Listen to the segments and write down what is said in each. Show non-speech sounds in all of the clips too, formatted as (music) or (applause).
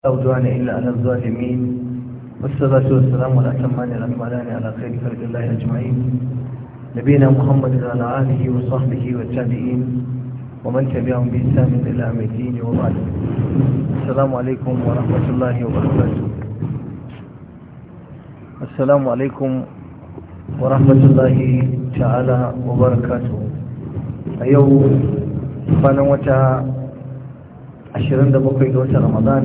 أودعنا إلا أن الظالمين والصلاة والسلام والأتمان الأكملان على خير خلق الله أجمعين نبينا محمد وعلى آله وصحبه والتابعين ومن تبعهم بإسلام إلى أم الدين وبعد السلام عليكم ورحمة الله وبركاته السلام عليكم ورحمة الله تعالى وبركاته أيوه فانا وتا 27 ga watan Ramadan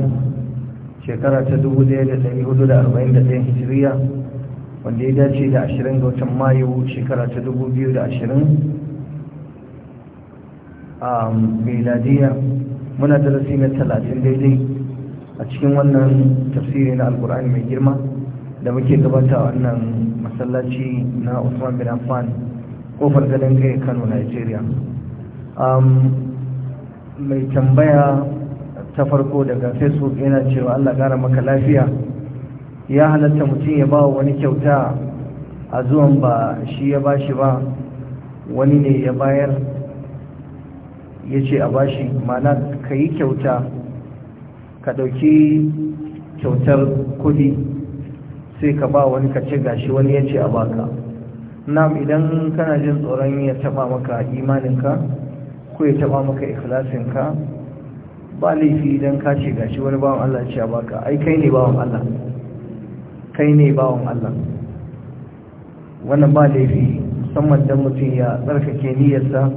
shekara ta 1441 hijiriya wanda ya dace da 20 ga watan mayu shekara ta 2020 a meladiya muna darasi na 30 daidai a cikin wannan tafsiri na alkur'ani mai girma da muke gabata wannan masallaci na usman bin affan kofar gadon kai kano nigeria um, mai tambaya ta farko daga facebook yana cewa allah ƙara maka lafiya ya halatta mutum ya ba wani kyauta a zuwan ba shi ya ba shi ba wani ne ya bayar ya ce a bashi mana ka yi kyauta ka ɗauki kyautar kudi sai ka ba wani ka ce gashi wani ya ce a baka nam idan kana jin tsoron ya taba maka imaninka ko ya taba maka ikhlasinka ba laifi idan ka ce gashi wani bawan Allah ce a baka ai kai ne bawan Allah kai ne bawan Allah wannan ba laifi musamman dan mutum ya tsarkake niyyarsa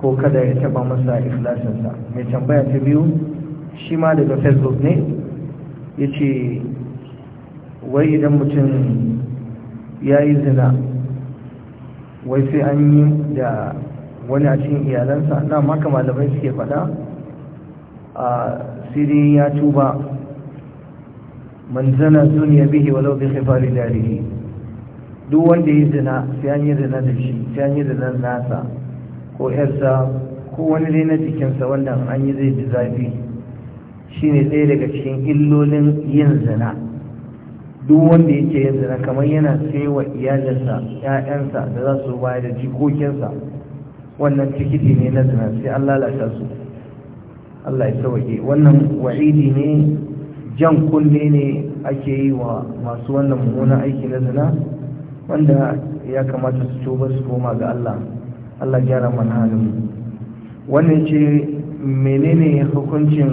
ko kada ya taba masa ikhlasinsa mai tambaya ta biyu shi ma daga facebook ne ya ce wai idan mutum ya yi zina wai sai an yi da wani a cikin iyalansa na maka malamai suke faɗa A siri ya tuba man zana duniya bihi walau bi khifari darihi duk wanda ya zina sai an yi zina da shi sai an yi zina nasa ko yarsa ko wani dai na jikinsa wanda an yi zai ji zafi shine ɗaya daga cikin illolin yin zina duk wanda yake yin zina kamar yana sai wa iyalinsa ‘ya'yansa da za su bayar da jikokinsa wannan tikiti ne na zina sai an lalata su Allah ya sauke wannan wa'idi ne jan kunne ne ake yi wa masu wannan mummunan aiki na zina wanda ya kamata su tuba su koma ga Allah Allah gyara mana halin wannan ce menene hukuncin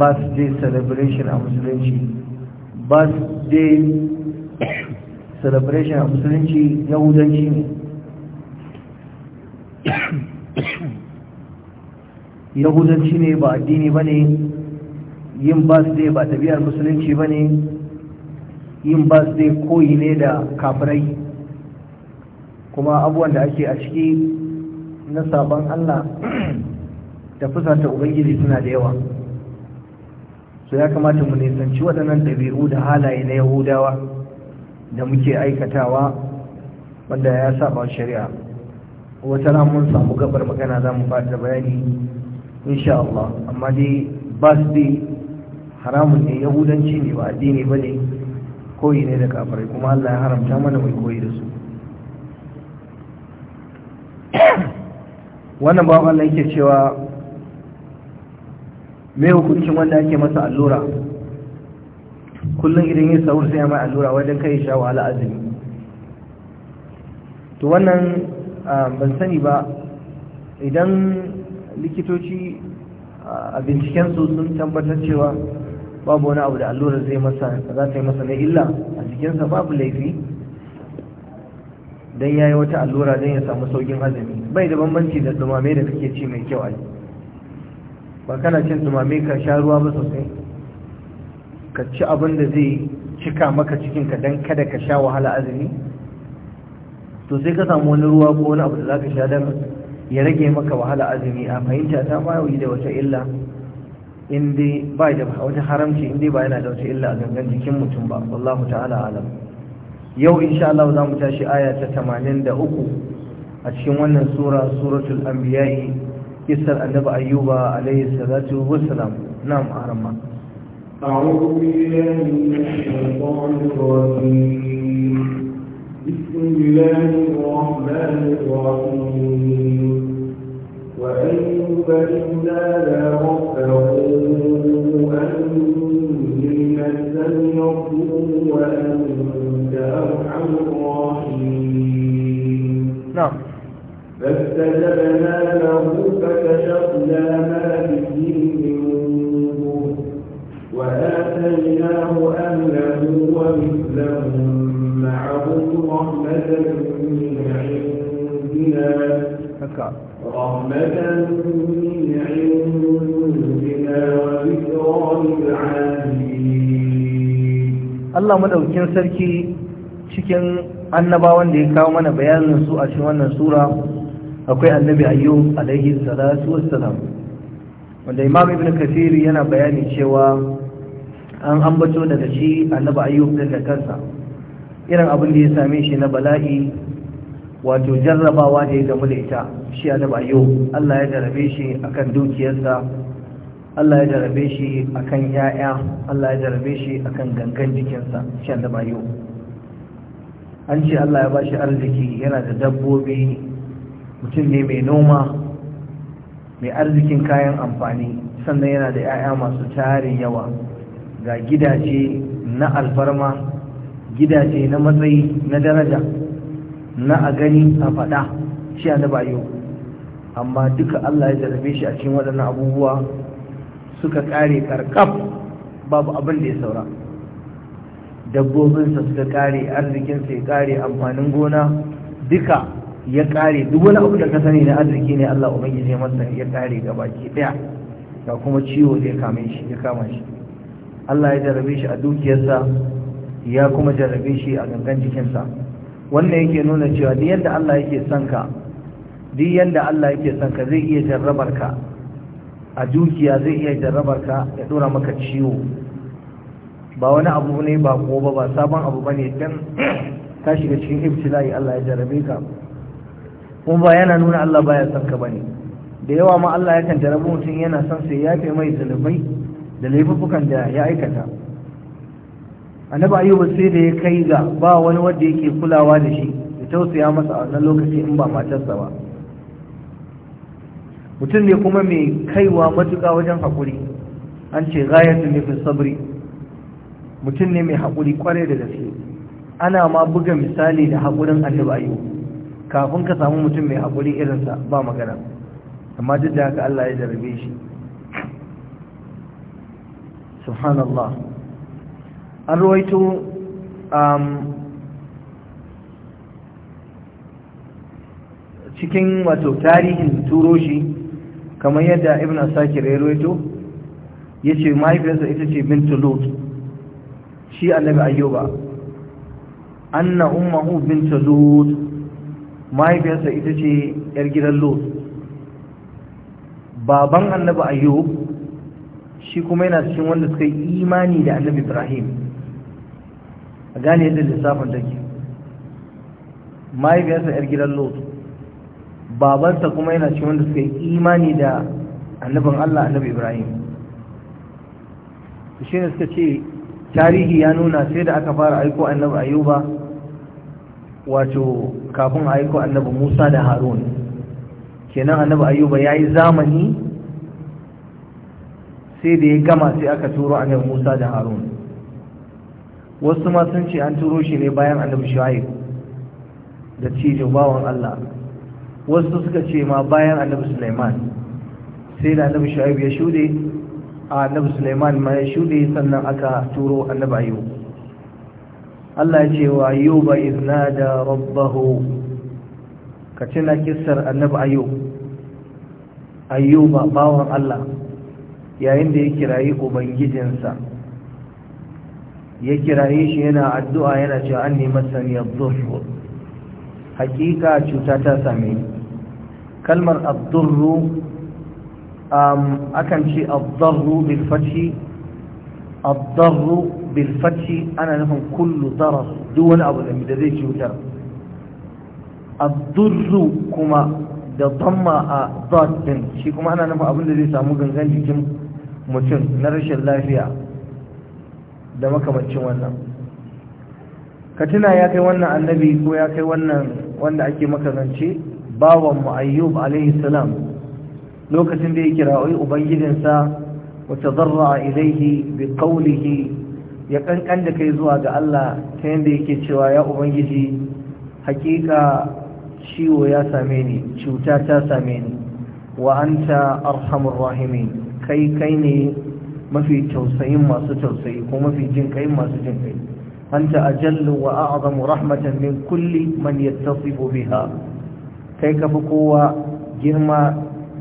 birthday celebration a musulunci birthday celebration a musulunci yahudanci ne yahudanci ne ba addini ba ne yin birthday ba tabiyar musulunci ba ne yin birthday koyi ne da kafirai kuma abubuwan da ake a ciki na sabon allah (clears throat) da fusata ubangiji suna da yawa Su ya kamata mu nisanci waɗannan ɗabi'u da halaye na yahudawa da muke aikatawa wanda ya saba shari'a wata mun samu gabar magana za mu fata bayani insha Allah amma dai ba su dai haramun ne yahudanci ne ba addini ba ne koyi ne da kafirai kuma Allah ya haramta mana mai koyi da su (coughs) wannan ba Allah yake cewa mai hukuncin wanda ake masa allura kullum idan ya sauri sai mai allura wajen kai sha wahala azumi to wannan ah, ban sani ba idan likitoci a su sun tabbatar cewa babu wani abu da allurar zai masa za ta yi masa na illa a jikinsa babu laifi don ya yi wata allura don ya samu saukin azumi bai da bambanci da dumame da kake ci mai kyau ai ba kana cin dumame ka sha ruwa ba sosai ka ci abin da zai cika maka cikinka don kada ka sha wahala azumi to sai ka samu wani ruwa ko wani abu da za ka sha don ya rage maka wahala azumi a fahimta ta ba yi da wata illa inda ba da wata haramci inda ba yana da wata illa a gangan jikin mutum ba wallahu ta'ala alam yau insha Allah za mu tashi aya ta 83 a cikin wannan sura suratul anbiya'i kissar annabi ayyuba alayhi salatu wassalam na'am arama أعوذ بالله من الشيطان الرجيم بسم الله الرحمن الرحيم وأيوب إذ نادى ربه أني مسني الضر وأنت أرحم الراحمين نعم فاستجبنا له فكشفنا ما به من وآتيناه أهله ومثلهم معهم رحمة من عندنا رحمة من عندنا وذكرى للعالمين الله مدوكين cikin annabawan da ya kawo mana bayanin su a cikin wannan sura akwai annabi ayyub alaihi salatu wassalam wanda imam ibn kathir yana bayani cewa an ambato daga shi annabi ayyub da kansa irin abin da ya same shi na bala'i wato jarrabawa da ya gamu da ita shi annabi ayyub Allah ya jarabe shi akan dukiyarsa Allah ya jarabe shi akan yaya Allah ya jarabe shi akan gangan jikinsa shi annabi ayyub an ce Allah ya bashi arziki yana da dabbobi mutum ne mai noma mai arzikin kayan amfani sannan yana da 'ya'ya masu tarin yawa ga gidaje na alfarma gidaje na matsayi na daraja na a gani a faɗa shi a na bayo amma duka Allah ya zarafe shi a cikin waɗannan abubuwa suka kare karkaf babu abin da ya saura dabbobinsa suka ƙare arzikinsa ya ƙare amfanin gona duka ya kare. duk wani abu da ka sani na arziki ne Allah ubangiji masa ya ƙare baki ɗaya ga kuma ciwo zai kame shi ya kama shi Allah ya jarrabe shi a dukiyarsa ya kuma jarrabe shi a gangan jikinsa wannan yake nuna cewa duk yadda Allah yake son ka duk yadda Allah yake son ka zai iya jarrabar ka a dukiya zai iya jarrabar ka ya dora maka ciwo ba wani abu ne ba ko ba ba sabon abu bane dan (clears throat) ka shiga cikin ibtila'i Allah ya jarrabe ka kun ba yana nuna Allah baya son ka bane da yawa ma Allah yakan jarrabu mutum yana son sai ya fi mai zulubai da laifukan da ya aikata annaba ayyuba sai da ya kai ga ba wani wanda yake kulawa da shi ya tausaya masa a wannan lokaci in ba matarsa ba mutum ne kuma mai kaiwa matuƙa wajen haƙuri an ce gayatu ne fi sabri mutum ne mai haƙuri kwarai da gaske ana ma buga misali da haƙurin annaba ayyuba kafin ka samu mutum mai haƙuri irinsa ba magana amma duk da haka Allah ya jarabe shi subhanallah an ruwaito um, cikin wato tarihin turoshi kamar yadda ibn asakir ya ruwaito ya ce mahaifiyarsa ita ce bintu lot shi annabi ayyuba anna ummahu bintu lot mahaifiyarsa ita ce yar gidan lot baban annabi ayyub shi kuma yana cikin wanda suka yi imani da annabi ibrahim a gane yadda lissafin take mahaifiyarsa yar gidan lot babansa kuma yana cikin wanda suka yi imani da annabin allah annabi ibrahim shi ne suka ce tarihi ya nuna sai da aka fara aiko annabi ayuba wato kafin aiko annabi musa da harun kenan annabi ayuba ya yi zamani sai da ya gama sai aka turo annabi Musa da Harun wasu ma sun ce an turo shi ne bayan annabi Shu'aib da cijo bawan Allah wasu suka ce ma bayan annabi Sulaiman sai da annabi Shu'aib ya shude annabi Sulaiman ma ya shude sannan aka turo annabi Ayub Allah ya ce wa Ayyuba iznada rabbahu ka tuna kissar annabi Ayub Ayyuba bawan Allah yayin da ya kirayi ubangijinsa ya kiraye shi yana addu'a yana cewa an nema saniyar durru hakika cuta ta same kalmar abdurru akan ce abdurru bilfaci abdurru bilfaci ana nufin kullu darar duk wani abu da zai cutar abdurru kuma da damma a dot shi kuma ana nufin abin da zai samu gangan jikin mutum na rashin lafiya da makamancin wannan Katina ya kai wannan annabi ko ya kai wannan wanda ake makarance bawan mu ayyub alaihi salam lokacin da ya kirayi ubangijinsa wa tadarra ilaihi bi qawlihi ya kankan da kai zuwa ga Allah ta yanda yake cewa ya ubangiji hakika ciwo ya same ni cuta ta same ni wa anta arhamur rahimin kai kai ne mafi tausayin masu tausayi ko mafi jin kai masu jin kai anta ajallu wa a'zamu rahmatan min kulli man yattasifu biha kai ka kowa girma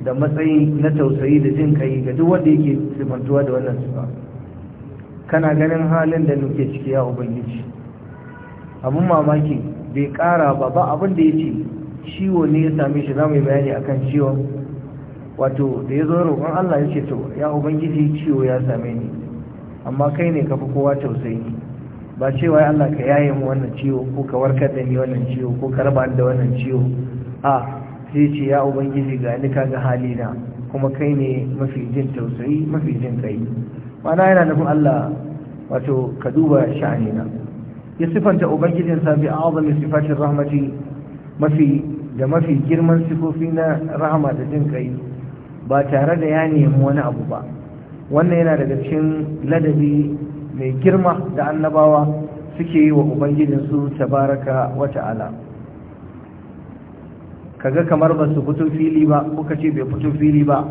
da matsayi na tausayi da jin kai ga duk wanda yake sifantuwa da wannan sifa kana ganin halin da nuke ciki ya ubangiji abun mamaki bai kara ba ba abin da ya ciwo ne ya same shi za mu yi bayani akan ciwon wato da ya zo roƙon Allah ya ce to ya ubangiji ciwo ya same ni amma kai ne ka fi kowa tausayi ba cewa Allah ka yaye mu wannan ciwo ko ka warkar da ni wannan ciwo ko ka raba da wannan ciwo a sai ce ya ubangiji ga ni kaga halina kuma kai ne mafi jin tausayi mafi jin kai mana yana nufin Allah wato ka duba sha'anina ya sifanta sa bi azami sifatir rahmati mafi da mafi girman sifofi na rahama da jin kai ba tare da ya nemi wani abu ba wannan yana daga cikin ladabi mai girma da annabawa suke yi wa ubangijinsu tabaraka wata'ala kaga kamar ba su fito fili ba kuka ce bai fito fili ba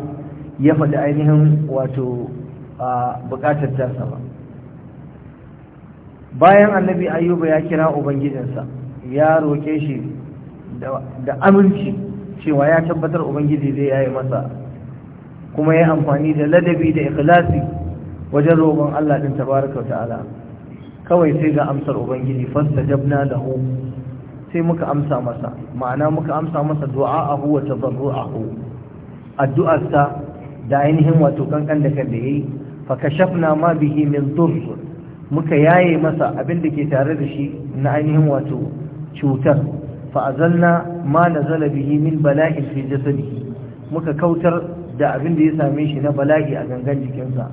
ya faɗi ainihin wato a buƙatar tasa ba bayan annabi ayyuba ya kira ubangijinsa ya roƙe shi da aminci cewa ya tabbatar ubangiji zai yayi masa kuma ya amfani da ladabi da ikhlasi wajen roƙon Allah din tabaraka ta'ala kawai sai ga amsar ubangiji fastajabna lahu sai muka amsa masa ma'ana muka amsa masa du'a'ahu wa tadarru'ahu ta da ainihin wato kankan da kan da yayi fa kashafna ma bihi min durr muka yaye masa abin da ke tare da shi na ainihin wato cutar fa azalna ma nazala bihi min bala'in fi jasadihi muka kautar da abin da ya same shi na bala'i a gangan jikinsa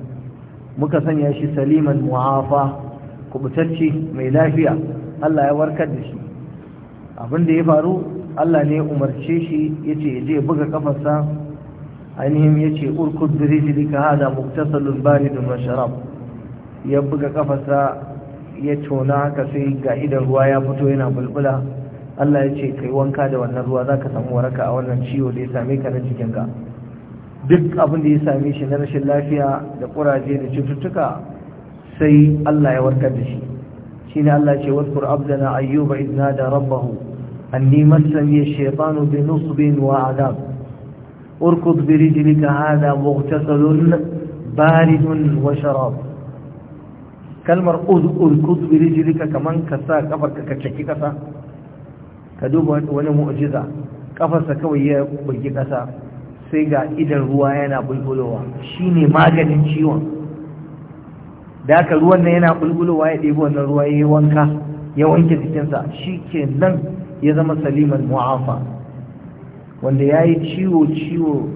muka sanya shi saliman mu'afa kubutacce mai lafiya Allah ya warkar da shi abin da ya faru Allah ne ya umarce shi ya ce ya je buga kafarsa ainihin ce urkud birijlika hada muktasalun bari da sharab ya buga kafarsa ya tona ka sai ga idan ruwa ya fito yana bulbula Allah ya ce kai wanka da wannan ruwa za ka samu waraka a wannan ciwo da ya same ka na jikinka duk abin da ya same shi na rashin lafiya da kuraje da cututtuka sai Allah ya warkar da shi Shi shine Allah ce wadkur abdana ayyuba idna da rabbahu anni massani ash-shaytanu bi nusbin wa adab urkud bi rijlika hadha mughtasalun baridun wa sharab kalmar urkud bi rijlika kaman sa kafarka ka ciki kasa ka duba wani mu'jiza kafarsa kawai ya bugi kasa sai ga idan ruwa yana bulbulowa shine maganin ciwon da aka ruwan nan yana bulbulowa ya ɗebi wannan ruwa ya yi wanka ya wanke jikinsa shi ke nan ya zama saliman mu'afa wanda ya yi ciwo-ciwo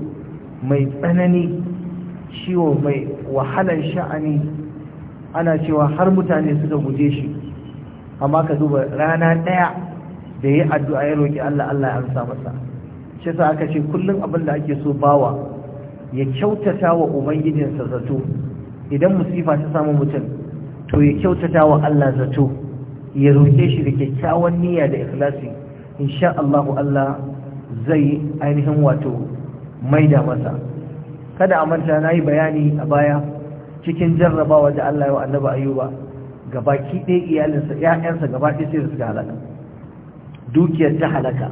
mai tsanani ciwo mai wahalar sha'ani ana cewa har mutane suka guje shi amma ka duba rana ɗaya da ya addu'a ya roƙi Allah Allah ya amsa masa shi sa aka ce kullum abin da ake so bawa ya kyautata wa ubangijinsa zato idan musifa ta samu mutum to ya kyautata wa Allah zato ya roƙe shi da kyakkyawan niyya da ikhlasi insha Allah Allah zai ainihin wato mai da masa kada a manta na yi bayani a baya cikin jarrabawa da Allah ya wa annabi ayuba gabaki ɗaya iyalinsa ‘ya'yansa gabaki sai da halaka dukiyar ta halaka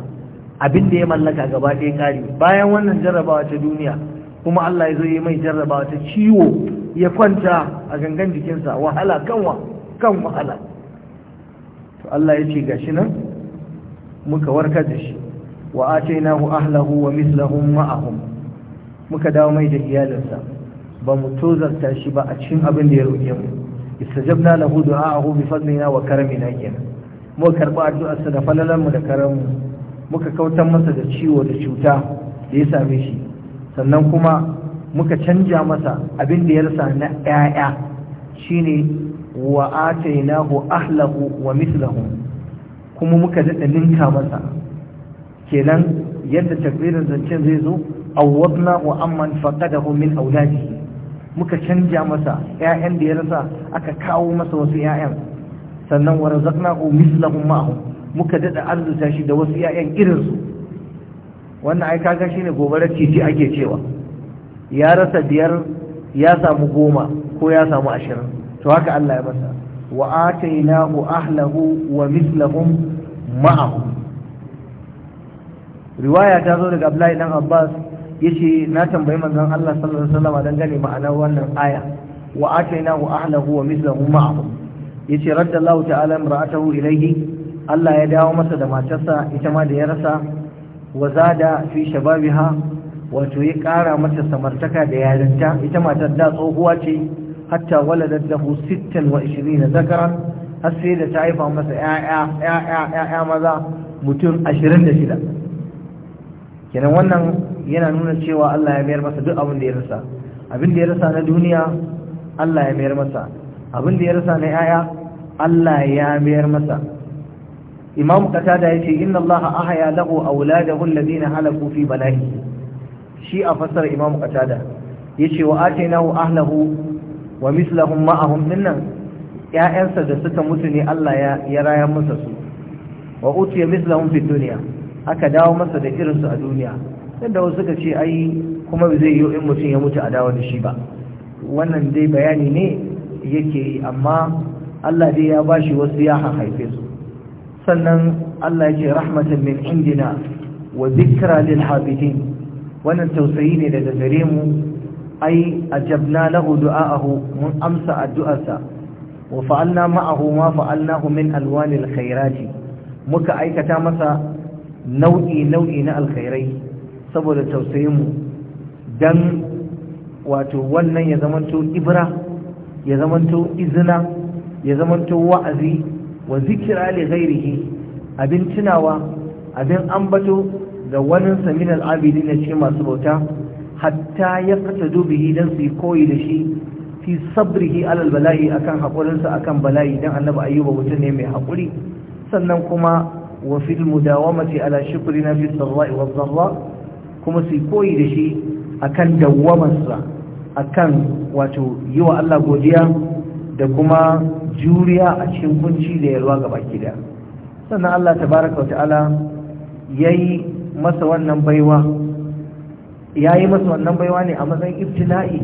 abin da ya mallaka gaba ɗaya kare bayan wannan jarrabawa ta duniya kuma Allah ya zo yi mai jarrabawa ta ciwo ya kwanta a gangan jikinsa wahala kanwa kan wahala to Allah ya ce gashi nan muka warkar da shi wa atainahu ahlahu wa mislahum ma'ahum muka dawo mai da iyalinsa ba mu tozarta shi ba a cikin abin da ya roƙe mu istajabna lahu du'a'ahu bi fadlina wa karamina kenan mu karba addu'arsa da falalan mu da mu muka kautar masa da ciwo da cuta da ya same shi sannan kuma muka canja masa abin da ya rasa na 'ya'ya shine wa atainahu ahlahu wa mithluhum kuma muka dada ninka masa kenan yadda takbirin zancen zai zo awwadna wa amman faqadahu min auladihi muka canja masa ƴaƴan da ya rasa aka kawo masa wasu 'ya'yan sannan wa razaqnahu mithluhum ma'ahum muka dada arzuta shi da wasu 'ya'yan irinsu wannan ai kaga shine gobarar titi ake cewa ya rasa biyar ya samu goma ko ya samu ashirin to haka Allah ya masa wa atainahu ahlahu wa mislahum ma'ahum riwaya ta zo daga Abdullahi dan Abbas yace na tambayi manzon Allah sallallahu alaihi wasallam dan gane ma'anar wannan aya wa atainahu ahlahu wa mislahum ma'ahum yace radda Allah ta'ala imra'atahu ilayhi Allah ya dawo masa da matarsa ita ma da ya rasa wa zada fi shababiha wato ya kara mata samartaka da yarinta ita matar da tsohuwa ce hatta waladat lahu 26 zakara har sai da ta haifa masa ƴaƴa maza mutum 26 kenan wannan yana nuna cewa Allah ya mayar masa duk abin da ya rasa abin da ya rasa na duniya Allah ya mayar masa abin da ya rasa na ƴaƴa Allah ya mayar masa imam qatada yace inna allaha ahya lahu awladahu alladhina halaku fi balahi shi a fasar imam katada yace wa atainahu ahlahu wa mislahum ma'ahum dinnan 'ya'yansa da suka mutu ne Allah ya ya raya masa su wa utiya mislahum fi dunya aka dawo masa da irinsu a duniya yadda wasu suka ce ai kuma zai yi in mutum ya mutu a dawo da shi ba wannan dai bayani ne yake yi amma Allah dai ya bashi wasu ya haife su sannan Allah ya ce rahmatan min indina wa zikra lil habidin wannan tausayi ne daga gare mu ai ajabna lahu du'aahu mun amsa addu'arsa wa fa'alna ma'ahu ma fa'alnahu min alwanil khairati muka aikata masa nau'i nau'i na alkhairai saboda tausayin mu dan wato wannan ya zamanto ibra ya zamanto izina ya zamanto wa'azi wa zikira li ghairihi abin tunawa abin ambato da wani samin al'abidi na ce masu bauta hatta ya fata dubihi don su yi koyi da shi fi sabrihi alal bala'i akan haƙurinsa akan bala'i don annaba ayyuba mutum ne mai haƙuri sannan kuma wa fil mudawamati ala shukri na fi sarra'i wa zarra kuma su yi koyi da shi akan dawwamarsa akan wato yi wa Allah godiya da kuma juriya a cikin kunci da yalwa ga baki daya sannan Allah tabaraka wata'ala yayi masa wannan baiwa yayi masa wannan baiwa ne a matsayin ibtila'i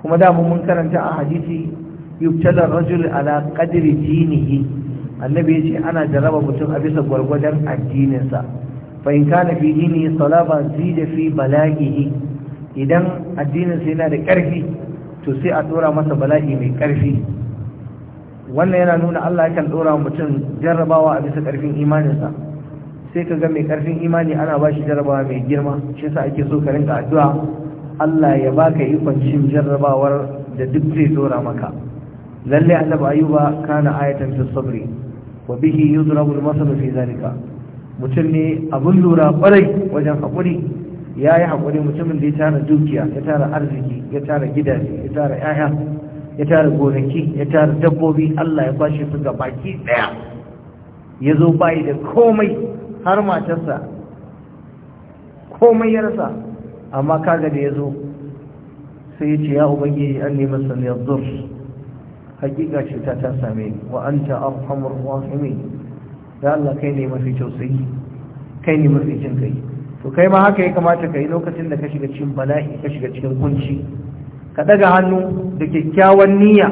kuma da mun karanta a hadisi yubtala rajul ala qadri dinihi annabi yace ana jaraba mutum a bisa gwargwadon addininsa fa in kana fi dini salaba zida fi balaghihi idan addininsa yana da karfi to sai a dora masa bala'i mai karfi wannan yana nuna Allah yakan dora mutum jarrabawa a bisa karfin imaninsa sai ka ga mai karfin imani ana ba shi jarrabawa mai girma shi yasa ake so ka rinka addu'a Allah ya baka ikon cin jarrabawar da duk zai dora maka lalle annabi ayuba kana ayatan fi sabri wa bihi yudrabu al-masal fi zalika mutum ne abun lura kwarai wajen hakuri ya yi haƙuri mutumin da ya tara dukiya ya tara arziki ya tara gidaje ya tara 'ya'ya ya tara gonaki ya tara dabbobi Allah ya kwashe su ga baki ɗaya ya zo bayi da komai har matarsa komai ya rasa amma kaga da ya zo sai ya ce ya ubangiji an neman saniyar zur hakika cuta ta same ni wa an ta arhamar rahimin ya Allah kai ne mafi tausayi kai ne mafi jin kai to kai ma haka ya kamata ka yi lokacin da ka shiga cikin bala'i ka shiga cikin kunci ka daga hannu da kyakkyawan niyya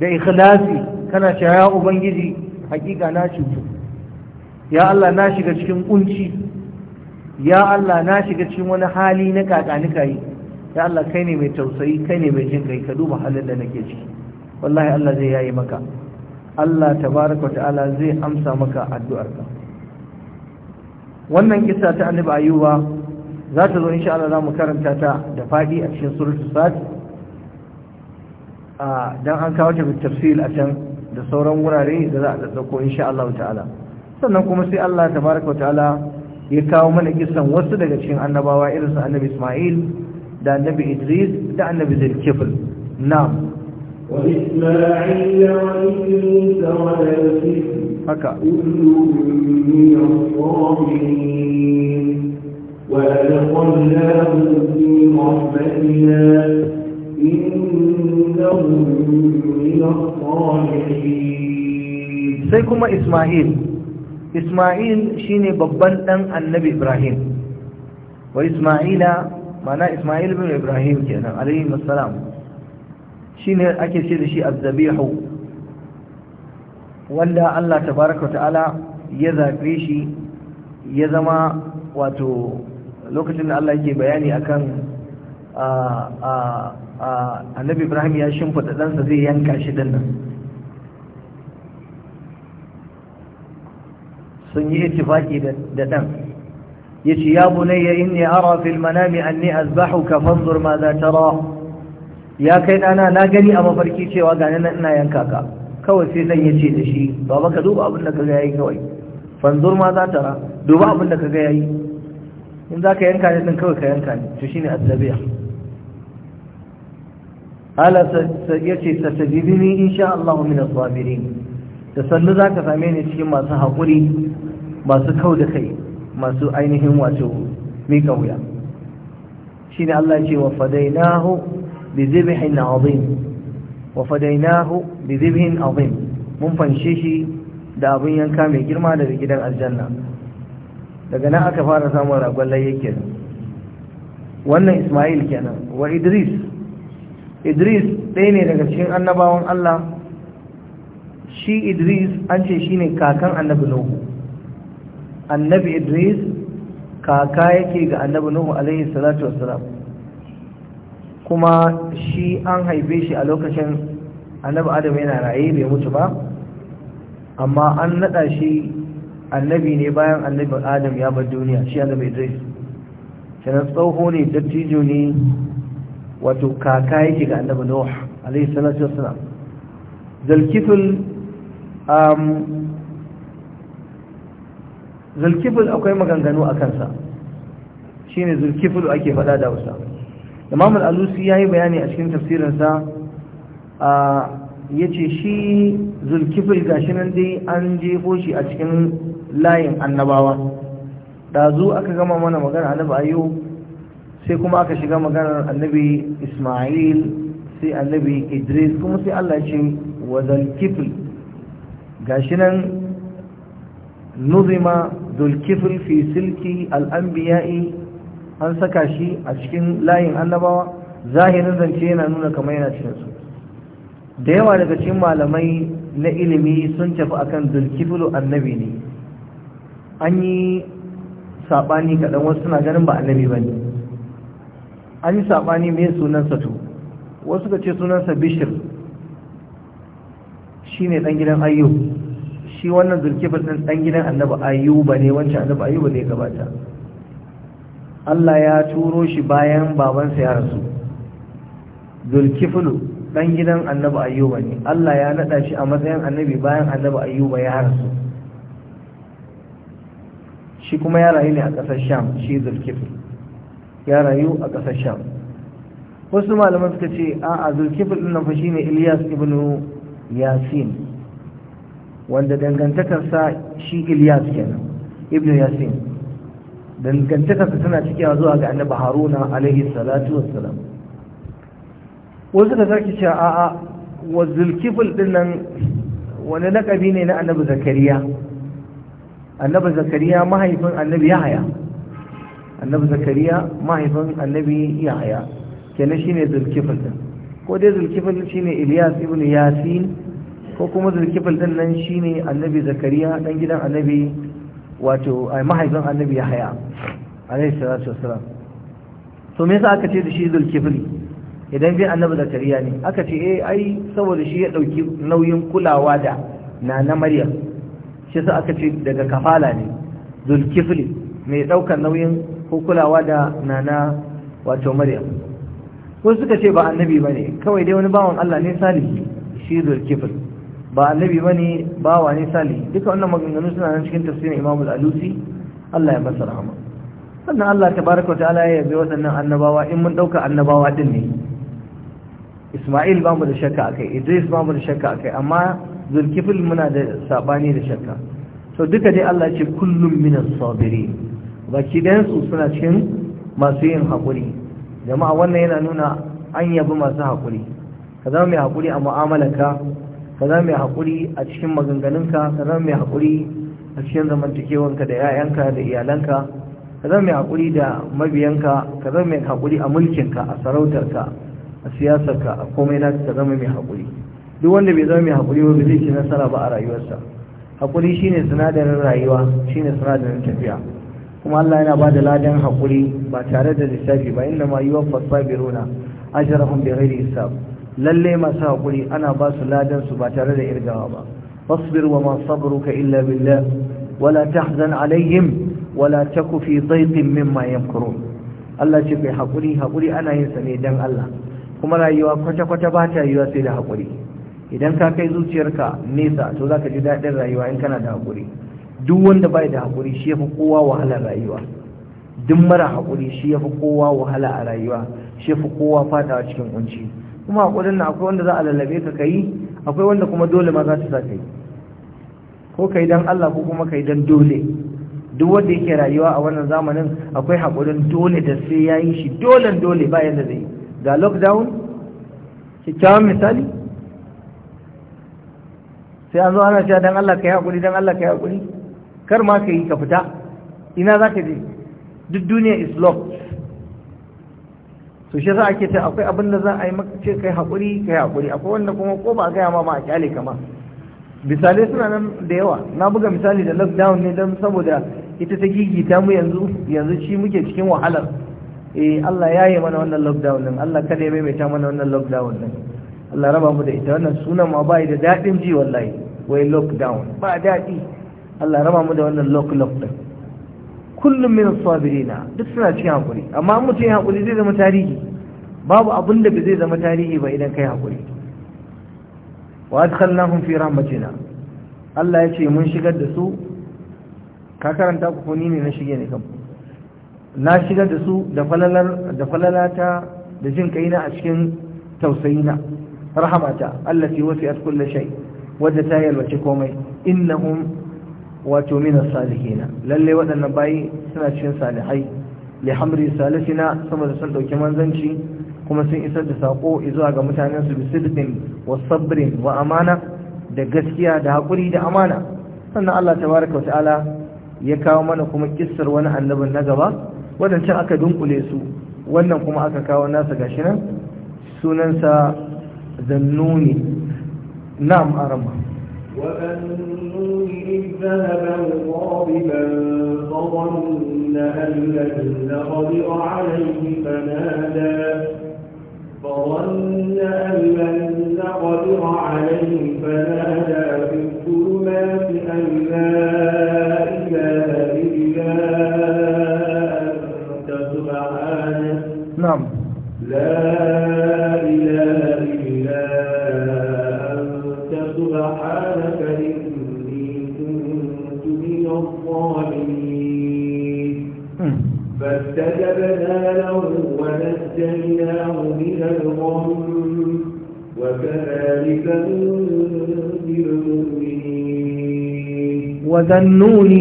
da ikhlasi kana cewa ya ubangiji hakika na cutu ya Allah na shiga cikin kunci ya Allah na shiga cikin wani hali na kakanika yi ya Allah kai ne mai tausayi kai ne mai jin kai ka duba halin da nake ciki wallahi Allah zai yayi maka Allah tabaraka ta'ala zai amsa maka addu'arka wannan kisa ta annabi ayuba za ta zo insha Allah za mu karanta ta da fadi a cikin suratul sad a dan an kawo ta tafsil a can da sauran wurare da za a dauko insha Allah ta'ala sannan kuma sai Allah tabaraka ta'ala ya kawo mana kisan wasu daga cikin annabawa irin su annabi Isma'il da annabi Idris da annabi Zulkifl na'am wa Isma'il wa Idris wa Zulkifl haka sai kuma ismail ismail shine babban dan annabi ibrahim wa ismaila mana ismail bin ibrahim kenan alayhi assalam shine ake ce da shi azzabihu wanda Allah tabaraka ta'ala ya zaɓe shi ya zama wato lokacin da Allah yake bayani akan annabi Ibrahim ya shimfida ɗansa zai yanka shi din nan sun yi ittifaki da ɗan ya ce ya bunayya inni ara fil manami anni azbahuka fanzur ma za tara ya kai ɗana na gani a mafarki cewa ga nan ina yanka ka kawai sai dan yace da shi baba ka duba abin da kaga yayi kawai fanzur ma za ta ra duba abin da kaga yayi in za ka yanka ne din kawai ka yanka ne to shine azabiya ala yace satajibini insha Allah min as-sabirin da sannu za ka same ni cikin masu haƙuri masu kau da kai masu ainihin wato mika wuya shine Allah ya ce wa fadainahu bi zibhin azim wa fadainahu bi dhibhin azim mun fanshe shi da abin yanka mai girma daga gidan aljanna daga nan aka fara samun ragon layye kenan wannan Ismail kenan wa Idris Idris ɗaya ne daga cikin annabawan Allah shi Idris an ce shine kakan annabi Nuhu annabi Idris kaka yake ga annabi Nuhu alaihi salatu wassalam kuma shi an haife shi a lokacin annabi adam yana raye bai mutu ba amma an nada shi annabi ne bayan annabi adam ya bar duniya shi annabi idris sanar tsoho ne dattijo ne wato kaka yake ga annabi nuh alaihi salatu wassalam zalkifil um zalkifil akwai maganganu a kansa shine zulkifil ake faɗa da Hausa imam al-alusi ya yi bayani a cikin tafsirinsa a ya ce shi zulkifil gashinan nan dai an jefo shi a cikin layin annabawa ɗazu aka gama mana magana annabi ayyub sai kuma aka shiga maganar annabi ismail sai annabi idris kuma sai allah ce wa zulkifil gashi nan nuzima zulkifil fi silki al'ambiya'i an saka shi a cikin layin annabawa zahirin zance yana nuna kamar yana cikin su da yawa daga cikin malamai na ilimi sun tafi akan zulkifulu annabi ne an yi saɓani kaɗan wasu suna ganin ba annabi ba ne an yi saɓani mai sunansa sato wasu ka ce sunansa bishir shi ne ɗan gidan ayyub shi wannan zulkifar ɗan gidan annaba ayyuba ne wancan annaba ayyuba ne gabata Allah ya turo shi bayan babansa ya rasu zulkiflu ɗan gidan annabi ayyuba ne Allah ya naɗa shi a matsayin annabi bayan annabi ayyuba ya rasu shi kuma ya rayu ne a ƙasar sham shi zulkiflu ya rayu a ƙasar sham wasu malaman suka ce a a zulkiflu ɗin fa ne Ilyas ibn Yasin wanda dangantakarsa shi Ilyas kenan ibn Yasin dangantakarsa tana cikewa zuwa ga annabi haruna alaihi salatu wassalam wasu da ce a a'a wa zulkifil din nan wani lakabi ne na annabi zakariya annabi zakariya mahaifin annabi yahaya annabi zakariya mahaifin annabi yahaya kenan shine zulkifil din ko dai zulkifil shine ilyas ibn yasin ko kuma zulkifil din nan shine annabi zakariya dan gidan annabi wato ai mahaifin annabi ya haya alaihi salatu wassalam to me yasa aka ce da shi zulkifli idan bin annabi kariya ne aka ce eh ai saboda shi ya dauki nauyin kulawa da nana maryam shi yasa aka ce daga kafala ne zulkifli mai daukar nauyin ko kulawa da nana wato maryam ko suka ce ba annabi bane kawai dai wani bawan Allah ne salihi shi zulkifli ba annabi bane bawa ne sali duka wannan maganganu suna nan cikin tafsirin Imam al-Alusi Allah ya masa rahama sannan Allah tabaaraka wa ta'ala ya bi waɗannan annabawa in mun dauka annabawa din ne Isma'il ba mu da shakka akai Idris ba mu da shakka akai amma Zulkifil muna da sabani da shakka to duka dai Allah ce kullum minas sabirin baki ɗayan su suna cikin masu yin haƙuri jama'a wannan yana nuna an yabi masu haƙuri ka zama mai haƙuri a mu'amalarka ka zama mai haƙuri a cikin maganganunka ka zama mai haƙuri a cikin zamantakewanka da 'ya'yanka da iyalanka ka zama mai haƙuri da mabiyanka ka zama mai haƙuri a mulkinka a sarautarka a siyasarka a komai na ka zama mai haƙuri duk wanda bai zama mai haƙuri ba zai ci nasara ba a rayuwarsa haƙuri shine sinadarin rayuwa shine sinadarin tafiya kuma Allah yana ba da ladan haƙuri ba tare da lissafi ba inda ma yiwuwar fasfa biruna ajrahum bai hisab lalle masu haƙuri ana ba su ladan su ba tare da irgawa ba fasbir wa ma sabruka illa billah wala tahzan alaihim wala taku fi dhayqin mimma yamkurun Allah ce kai haƙuri haƙuri ana yin sa ne dan Allah kuma rayuwa kwata kwata ba ta yiwa sai da haƙuri idan ka kai zuciyarka nesa to zaka ji daɗin rayuwa in kana da haƙuri duk wanda ba da haƙuri shi yafi kowa wahalar rayuwa duk mara haƙuri shi yafi kowa wahala a rayuwa shi yafi kowa faɗawa cikin kunci kuma haƙurin na akwai wanda za a lallabe ka kai akwai wanda kuma dole ma za su sa kai ko kai dan Allah ko kuma kai dan dole duk wanda yake rayuwa a wannan zamanin akwai haƙurin dole da sai ya yi shi dole dole ba yadda zai ga lockdown kyakkyawan misali sai an zo ana cewa dan Allah ka yi haƙuri dan Allah ka yi haƙuri kar ma ka yi ka fita ina za ka je duk duniya is locked to shi a ke ta akwai abin da za a yi maka ce kai haƙuri kai haƙuri akwai wanda kuma ko ba a gaya ma ma a kyale kama Misali suna nan da yawa na buga misali da lockdown ne don saboda ita ta gigita mu yanzu yanzu shi muke cikin wahalar eh Allah ya yi mana wannan lockdown din Allah kada ya maimaita mana wannan lockdown din Allah raba mu da ita wannan sunan ma bai da dadin ji wallahi wai lockdown ba dadi Allah raba mu da wannan lock lock din kullum min sabirina duk suna cikin hakuri amma mutum ya hakuri zai zama tarihi babu abin da zai zama tarihi ba idan kai hakuri wa adkhalnahum fi rahmatina Allah ya ce mun shigar da su ka karanta ku ni ne na shige ne kan na shigar da su da falalata da jin kai na a cikin tausayi tausayina rahamata allati wasi'at kulli shai. wadda ta yalwace komai innahum wato mina salihina lalle waɗannan bayi suna cikin salihai li hamri salihina saboda sun ɗauki manzanci kuma sun isar da sako zuwa ga mutanen su bisidin wa sabrin wa amana da gaskiya da hakuri da amana sannan Allah tabaraka ta'ala ya kawo mana kuma kissar wani annabin na gaba wadancan aka dunkule su wannan kuma aka kawo nasa gashi nan sunansa zannuni na'am arama وأنه إذ ذهب مغاضبا فظن أن لن قدر عليه فنادى فظن أن لن قدر عليه فنادى في الظلمات أن لا إله إلا أنت سبحانك نعم لا فكذبنا له ونجيناه من الغم وكذلك ننجي المؤمنين وذنون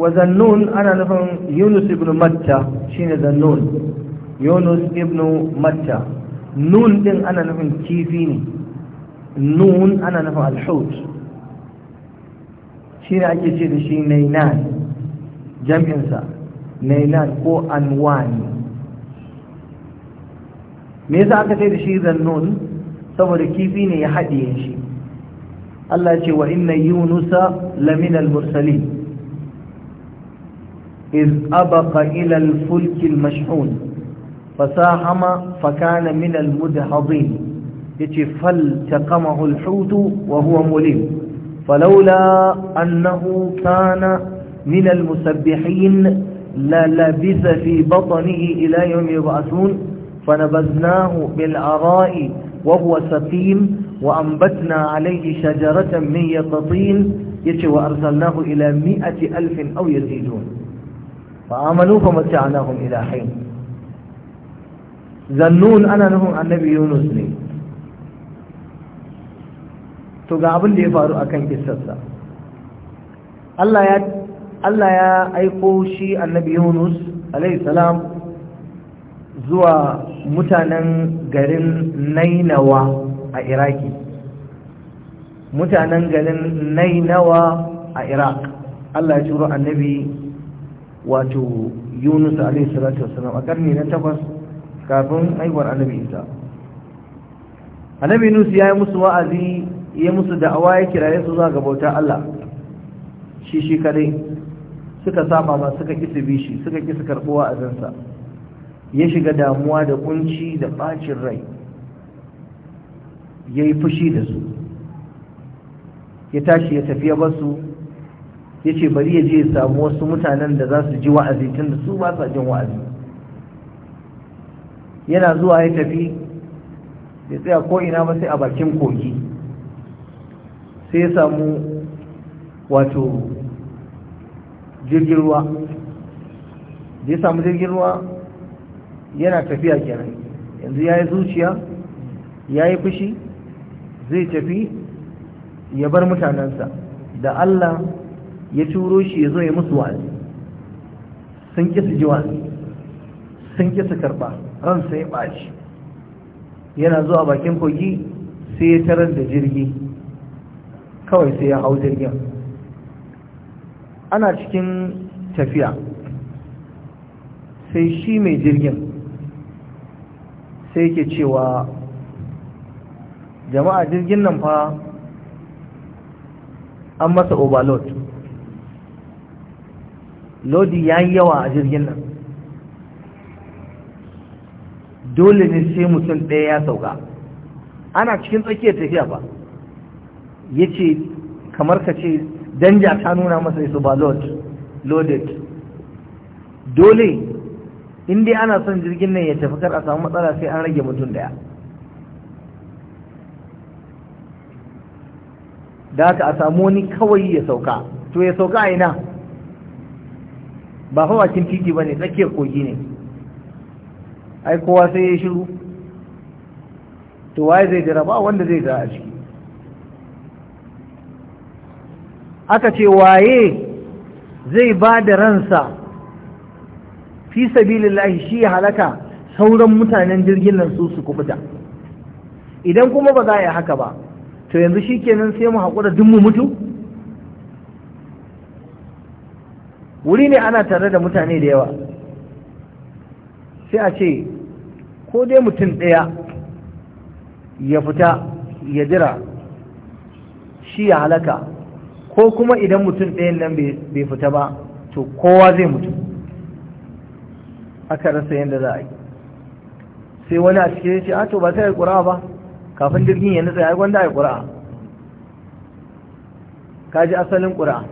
وذنون أنا نفهم يونس بن متى شين ذنون يونس بن متى نون دين أنا نفهم كيفيني نون أنا نفهم الحوت شين أجي شين نينان جمعinsa nailan ko anwani me yasa aka ce da shi zannun saboda kifi ne ya haɗiye shi Allah ce wa inna yunusa lamina al-mursalin iz abaqa ila al-fulk al-mash'un fasahama fakana min al-mudhadin yace faltaqamahu al-hut wa huwa mulim falawla annahu kana min al-musabbihin لا لبس في بطنه إلى يوم يبعثون فنبذناه بالعراء وهو سقيم وأنبتنا عليه شجرة من يقطين يتي وأرسلناه إلى مئة ألف أو يزيدون فآمنوا فمتعناهم إلى حين ذنون أنا نهم النبي يونس لي تقابل لي فارو أكن كسرسا الله ya Allah ya aiko shi annabi Yunus alaihi salam zuwa mutanen garin Nainawa a Iraki mutanen garin Nainawa a Iraq Allah ya turo annabi wato Yunus alaihi salatu wassalam a karni na takwas kafin aiwar annabi Isa annabi Yunus ya yi musu wa'azi ya musu da'awa ya kiraye su zuwa ga bauta Allah shi shi kare suka saba ba suka kisa bishi suka kisa karbuwa a zansa ya shiga damuwa da kunci da bacin rai ya yi fushi da su ya tashi ya tafi ya basu ya ce bari ya je ya samu wasu mutanen da za su ji wa'azi tun da su ba sa jin wa'azi yana zuwa ya tafi ya tsaya ko'ina ba sai a bakin kogi sai ya samu wato jirgin ruwa da ya samu jirgin ruwa yana tafiya kenan yanzu ya yi zuciya ya yi fushi zai tafi ya bar mutanensa da Allah ya turo shi ya zo ya musu wa'azi sun ƙi su ji wa'azi sun ƙi su karɓa ransa ya ɓaci yana zuwa bakin kogi sai ya tarar da jirgi kawai sai ya hau jirgin ana cikin tafiya sai shi mai jirgin sai ke cewa jama'a jirgin nan fa an masa overload lodi ya yi yawa a jirgin nan dole ne sai mutum ɗaya ya sauka ana cikin tsakiyar tafiya ba ya ce kamar ka ce danja ta nuna masa isu ba loaded dole in dai ana son jirgin nan ya tafi kar a samu matsala sai an rage mutum daya da aka a samu wani kawai ya sauka to ya sauka a ina ba fa titi ba ne tsakiyar kogi ne ai kowa sai ya shiru to waye zai jira ba wanda zai jira a ciki aka ce waye zai ba da ransa fi sabilillahi shi halaka sauran mutanen jirgin nan su su kubuta idan kuma ba za a yi haka ba to yanzu shi kenan sai mu haƙura duk mu mutu wuri ne ana tare da mutane da yawa sai a ce ko dai mutum ɗaya ya fita ya jira shi ya halaka ko kuma idan mutum ɗayan nan bai fita ba to kowa zai mutu aka rasa yadda za a yi sai wani a cikin ce a to ba sai a yi ƙura ba kafin jirgin ya nutsa ya yi gwanda a yi ƙura ka ji asalin ƙura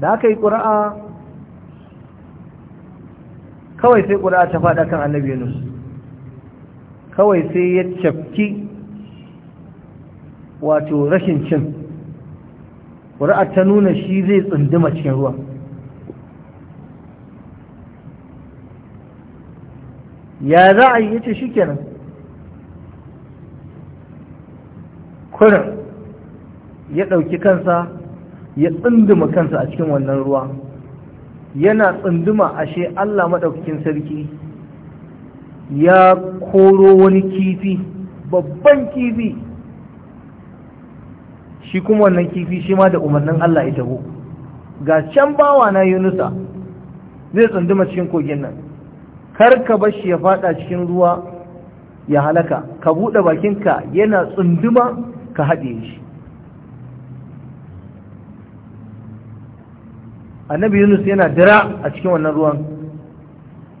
da aka yi ƙura kawai sai ƙura ta faɗa kan annabi yunus kawai sai ya cafki wato rashin cin ƙuri'ar ta nuna shi zai tsunduma cikin ruwa ya za a yi shi kenan? kurin ya ɗauki kansa ya tsunduma kansa a cikin wannan ruwa yana tsunduma ashe Allah maɗaukakin sarki ya koro wani kifi babban kifi shi kuma wannan kifi shi ma da umarnin Allah ya tabo. ga can bawa na yunusa zai tsunduma cikin kogin nan kar ka bar shi ya fada cikin ruwa ya halaka ka buɗe bakinka yana tsunduma ka haɗe shi annabi yunus yana dira a cikin wannan ruwan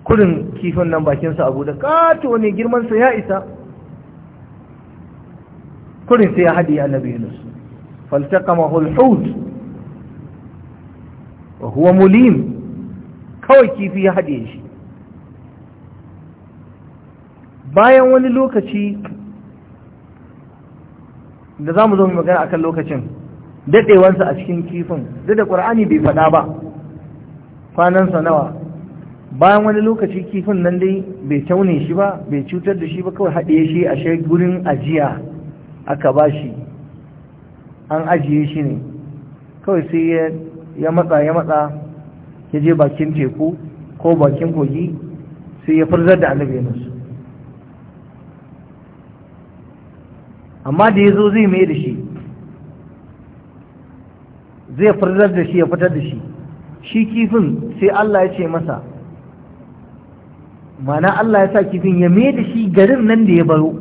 kudin kifin nan bakinsa a buɗe kato ne girmansa ya isa kudin sai ya haɗe annabi yunus فالتقمه الحوت وهو مليم kawai kifi ya shi bayan wani lokaci da zamu mu zo mu magana akan lokacin daɗewansa a cikin kifin duk da qur'ani bai faɗa ba kwanansa nawa bayan wani lokaci kifin nan dai bai taune shi ba bai cutar da shi ba kawai haɗe shi a gurin ajiya aka bashi. an ajiye shi ne kawai sai ya matsa ya matsa ya je bakin teku ko bakin kogi sai ya furzar da annabi yunus amma da ya zo zai mai da shi zai furzar da shi ya fitar da shi shi kifin sai Allah ya ce masa mana Allah ya sa kifin ya mai da shi garin nan da ya baro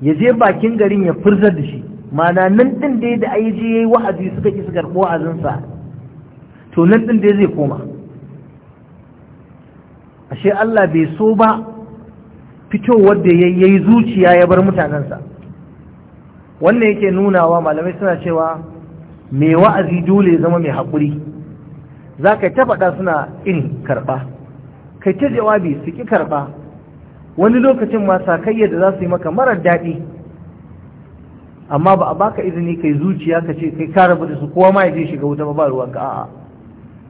ya je bakin garin ya furzar da shi mana nan din da da ji je yi wa'azi suka ƙi su karɓo wa'azinsa to nan din da zai koma ashe Allah bai so ba fitowar da yi zuciya ya bar mutanensa wannan yake nunawa malamai suna cewa mai wa'azi dole ya zama mai haƙuri za ka ta faɗa suna in karɓa kai ta jawabi su ƙi karɓa wani lokacin ma sakayyar da za su yi maka marar daɗi amma ba a baka izini kai zuciya ka ce kai kara bude su kowa ma ya je shiga wuta ba ruwan ka a'a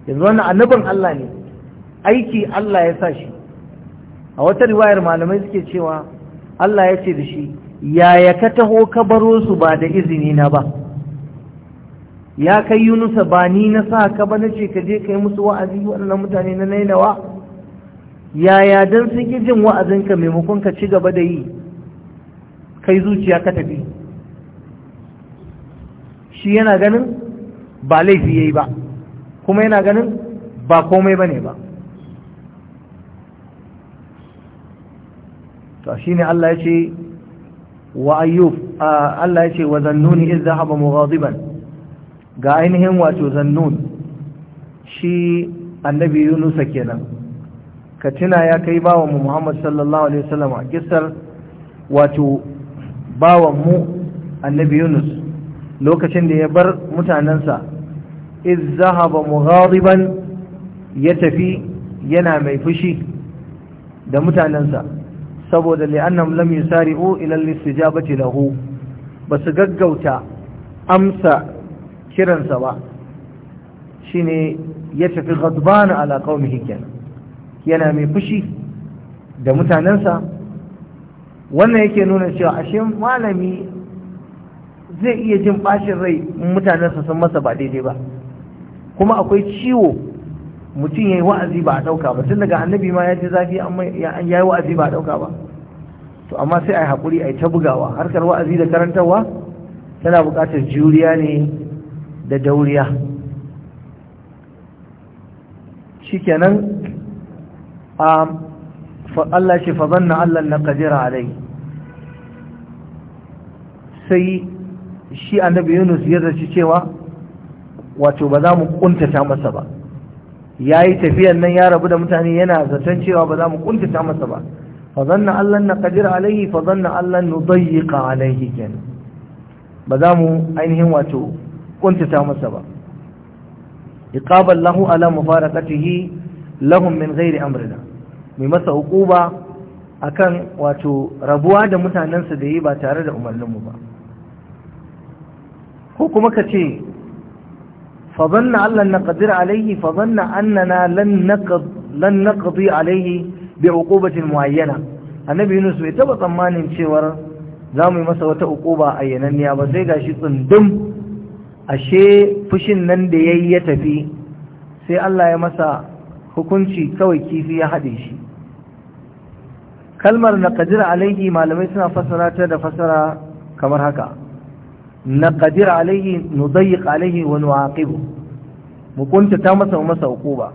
yanzu wannan annabin Allah ne aiki Allah ya sa shi a wata riwayar malamai suke cewa Allah ya ce da shi yaya ka taho ka baro su ba da izini na ba ya kai yunusa ba ni na sa ka ba na ce ka je kai musu wa'azi waɗannan mutane na nainawa yaya don sun ƙi jin wa'azinka maimakon ka ci gaba da yi kai zuciya ka tafi shi yana ganin ba laifi yayi ba kuma yana ganin ba komai ne ba shi ne Allah ya ce wa ayyub Allah ya ce wa zannuni iz zahaba mughadiban ga ainihin wato zannun shi annabi Yunus kenan ka tuna ya kai bawan mu Muhammad sallallahu alaihi wasallam a kissar wato bawan mu annabi Yunus lokacin da ya bar mutanensa izaha zahaba mughadiban ya tafi yana mai fushi da mutanensa saboda li'annam lam yusari'u ila al-istijabati lahu basu gaggauta amsa kiransa ba shine ya tafi ghadban ala qaumihi kenan yana mai fushi da mutanensa wannan yake nuna cewa ashe malami zai iya jin bashin rai mutanensa sun masa ba daidai ba kuma akwai ciwo mutum ya yi wa'azi ba a ɗauka ba tun daga annabi ma ya ji zafi ya yi wa'azi ba a ɗauka ba to amma sai a yi haƙuri a yi ta bugawa harkar wa'azi da karantarwa tana buƙatar juriya ne da dauriya shikenan a Allah shi fa zanna Allah na kajira alai sai shi annabi yunus ya zaci cewa wato ba za mu kuntata masa ba ya yi tafiyan nan ya rabu da mutane yana zaton cewa ba za mu kuntata masa ba fa zanna allan na qadir alaihi fa zanna allan nudayyiqa alaihi kenan ba za mu ainihin wato kuntata masa ba iqaban lahu ala mufaraqatihi lahum min ghairi amrina mai masa hukuba akan wato rabuwa da mutanensa da yi ba tare da umarninmu ba ko kuma ka ce fazanna Allah na ƙadir alaihi fazanna annana lan na ƙazi alaihi bai hukubacin muayyana annabi yunus bai taba tsammanin cewar za mu yi masa wata hukuba ayyananniya ba sai gashi tsundum ashe fushin nan da ya yi ya tafi sai Allah ya masa hukunci kawai kifi ya haɗe shi kalmar na kadir alaihi malamai suna fassara ta da fassara kamar haka نقدر عليه نضيق عليه ونعاقبه mu kuntata masa masa hukuma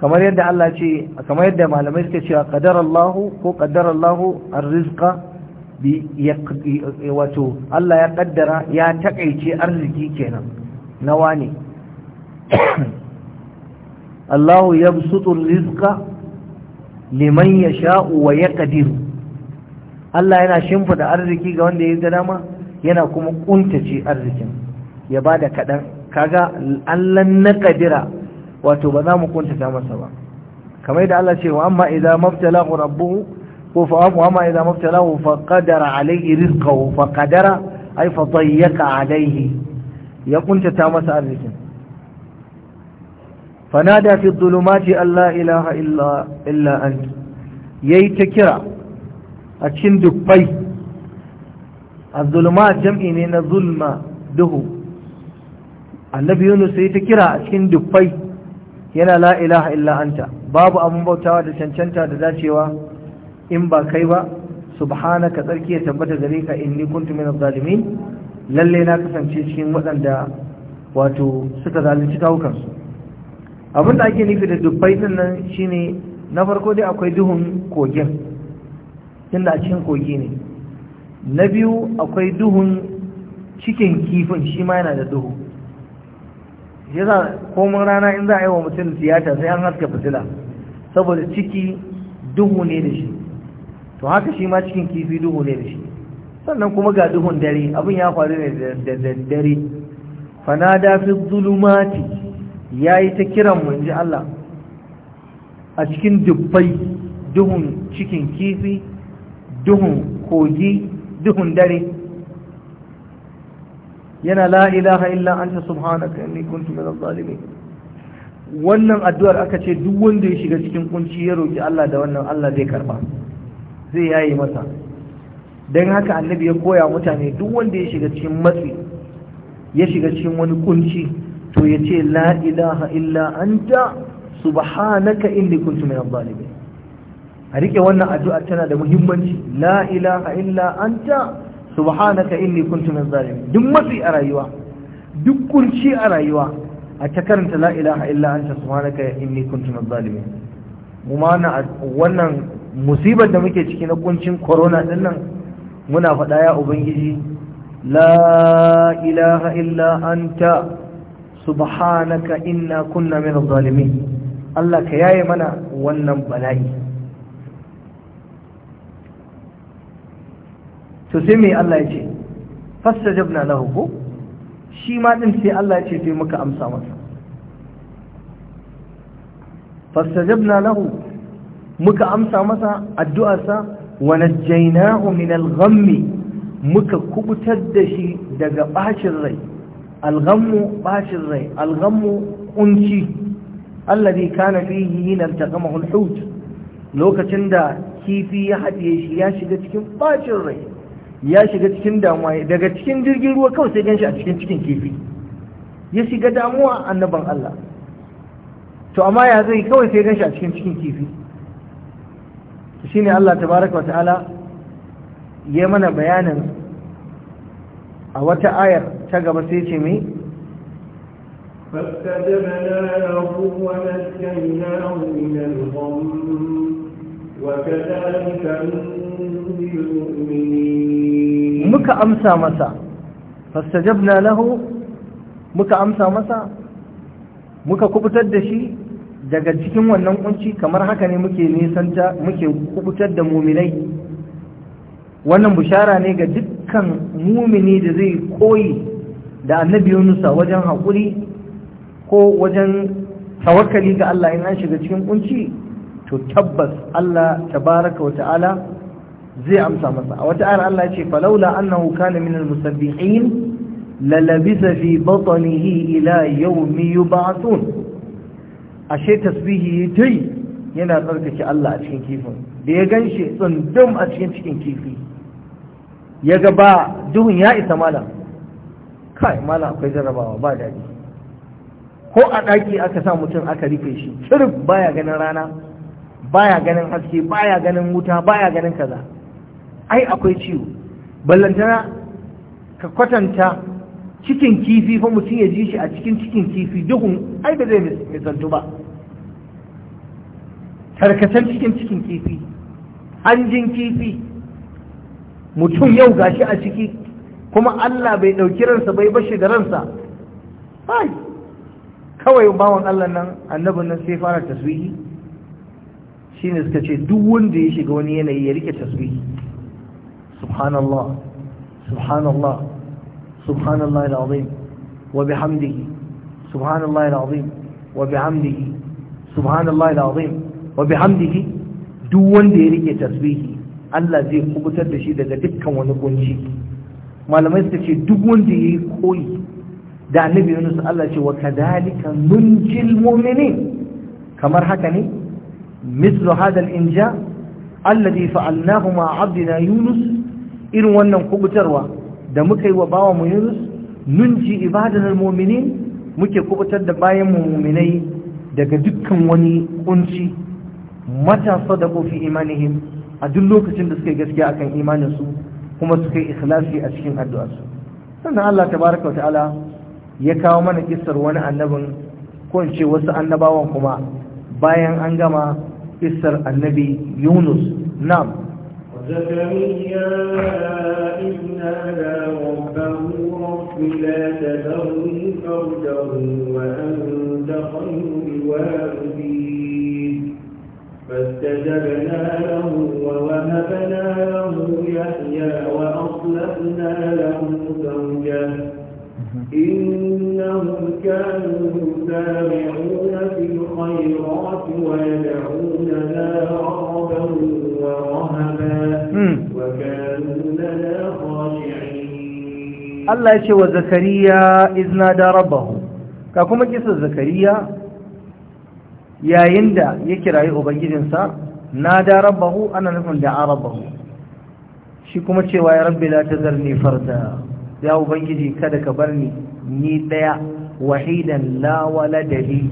kamar yadda Allah ce kamar yadda malamai suka cewa qadarallahu ko qadarallahu arrizqa bi wato Allah ya kaddara ya takaice arziki kenan nawa ne Allah yabsutu arrizqa liman yasha'u wa yaqdir Allah yana shimfida arziki ga wanda ya ga dama yana kuma kuntace arzikin ya ba da kaɗan kaga allan na ƙadira wato ba za mu kuntata masa ba kamar yadda Allah ce wa amma Mabtala mabtalahu rabbuhu ko fa wa amma idza mabtalahu fa qadara alayhi rizqahu fa qadara ay fa dayyaka alayhi ya kuntata masa arzikin fanada fi dhulumati alla ilaha illa illa anta yayi ta kira a cikin dubbai Azulma jam'i ne na zulma duhu annabi yunus sai ta kira a cikin dubbai yana la ilaha illa anta babu abun bautawa da cancanta da dacewa in ba kai ba subhanaka tsarki ya tabbata gare ka ni kuntu na zalimin lalle na kasance cikin waɗanda wato suka zalunci kawukansu abin da ake nufi da dubbai din nan shine na farko dai akwai duhun kogin tunda a cikin kogi ne na biyu akwai duhun cikin kifin shi ma yana da duhu yasa komin rana in za a yi wa mutum tiyata sai an haska fitila saboda ciki duhu ne da shi to haka shi ma cikin kifi duhu ne da shi sannan kuma ga duhun dare abin ya faru ne da daddare fana dafi zulumati yi ta kiran mu inji Allah a cikin dubbai duhun cikin kifi duhun kogi duhun dare yana la ilaha illa anta subhanaka inni kuntu minaz zalimin wannan addu'ar aka ce duk wanda ya shiga cikin kunci ya roki Allah da wannan Allah zai karba zai yayi masa dan haka annabi ya koya mutane duk wanda ya shiga cikin matsi ya shiga cikin wani kunci to ya ce la ilaha illa anta subhanaka inni kuntu minaz zalimin a rike wannan addu'a tana da muhimmanci la ilaha illa anta subhanaka inni kuntu min zalimin duk matsi a rayuwa duk kurci a rayuwa a ta karanta la ilaha illa anta subhanaka inni kuntu min zalimin mu ma wannan musibar da muke ciki na kuncin corona din nan muna faɗa ya ubangiji la ilaha illa anta subhanaka inna kunna min zalimin Allah ka yaye mana wannan bala'i to sai mai Allah ya ce fastajabna lahu ko shi ma din sai Allah ya ce sai muka amsa masa fastajabna lahu muka amsa masa addu'arsa wani jaina'u min al muka kubutar da shi daga bacin rai al-ghammu rai al-ghammu Allah alladhi kana yi hina ta al-hut lokacin da kifi ya haɗiye shi ya shiga cikin bacin rai ya shiga cikin damuwa daga cikin jirgin ruwa kawai sai ganshi a cikin cikin kifi ya shiga damuwa annaban Allah to amma ya zai kawai sai ganshi a cikin cikin kifi Shi ne Allah tabaraka wa ta'ala ya mana bayanin a wata ayar ta gaba sai ce mai فاستجبنا له ونجيناه من الغم muka amsa masa fastajabna lahu muka amsa masa muka kubutar da shi daga cikin wannan kunci kamar haka ne muke nesanta muke kubutar da muminai wannan bushara ne ga dukkan mumini da zai koyi da annabi Yunusa wajen haƙuri ko wajen tawakkali ga Allah in an shiga cikin kunci to tabbas Allah tabaraka wata'ala zai amsa masa a wata ayar Allah ce falaula annahu kana min almusabbihin lalabisa fi batnihi ila yawmi yub'athun ashe tasbihi tai yana tsarkake Allah a cikin kifin da ya ganshi tsundum a cikin cikin kifi ya ba duhun ya isa malam kai malam akwai jarabawa ba daɗi ko a ɗaki aka sa mutum aka rufe shi cirif baya ganin rana baya ganin haske baya ganin wuta baya ganin kaza ai akwai ciwo ballantana ka kwatanta cikin kifi fa mutum ya ji shi a cikin cikin kifi duhun ai ba zai misantu ba tarkatan cikin cikin kifi hanjin kifi mutum yau gashi a ciki kuma Allah bai ɗauki ransa bai bashi da ransa ai kawai bawan Allah nan annabin nan sai fara taswihi shine suka ce duk wanda ya shiga wani yanayi ya rike tasbihi subhanallah subhanallah subhanallah alazim wa bihamdihi subhanallah alazim wa bihamdihi subhanallah alazim wa bihamdihi duk wanda ya rike tasbihi Allah zai kubutar da shi daga dukkan wani kunci malamai suka ce duk wanda ya yi koyi da annabi Yunus Allah ce wa kadhalika nunjil mu'minin kamar haka ne مثل هذا الإنجاء الذي فعلناه مع عبدنا يونس yi yi wa mu Yunus, mun ننجي عبادنا المؤمنين muke kubutar da bayan muminai daga dukkan wani kunci matasa da kofi imanihim a duk lokacin da suka yi gaskiya akan imanin su kuma suka yi ikhlasi a cikin su, sannan Allah tabaaraka wa ta'ala ya kawo mana kissar wani annabin ko in ce wasu annabawan kuma bayan an gama كسر النبي يونس نعم وزكريا إذ نادى ربه رب لا تذرني فردا وأنت خير الوالدين فاستجبنا له ووهبنا له يحيى وأصلحنا له زوجه إنهم كانوا يسارعون في الخيرات ويدعوننا رغبا ورهبا وكانوا لنا خاشعين الله يشوى زكريا إذ نادى ربه كما كيسى زكريا يا يندى يكرا يؤبجدنسا نادى ربه أنا نفهم دعا ربه شكما تشوى يا ربي لا تذرني فردا ya ubangiji kada ka bar ni ni daya wahidan la waladi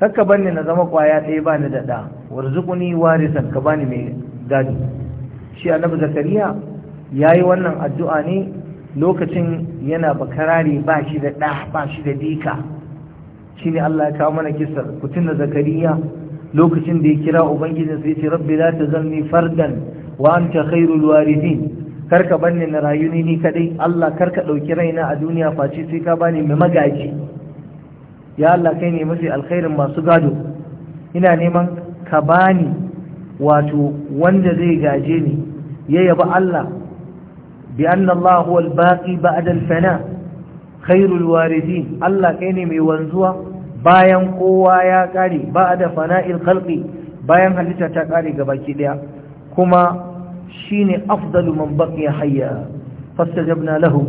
kaka bar na zama kwaya ɗaya ba ni da da warzuquni warisan ka bani mai gadi shi annabi zakariya yayi wannan addu'a ne lokacin yana bakarare ba shi da da ba shi da dika shine Allah ya kawo mana kisar kutun zakariya lokacin da ya kira ubangiji ya ce rabbi la tazalni fardan wa anta khairul waridin karka banne na rayu ni kadai Allah karka ɗauki raina a duniya face sai ka bani mai magaji ya Allah kai ne mafi alkhairin masu gado ina neman ka bani wato wanda zai gaje ni ya yaba Allah bi anna Allah huwa al-baqi ba'da al-fana khairul waridin Allah kai ne mai wanzuwa bayan kowa ya kare ba'da fana'il khalqi bayan halitta ta kare gabaki daya kuma shine afdalu man baqiya hayya fastajabna lahu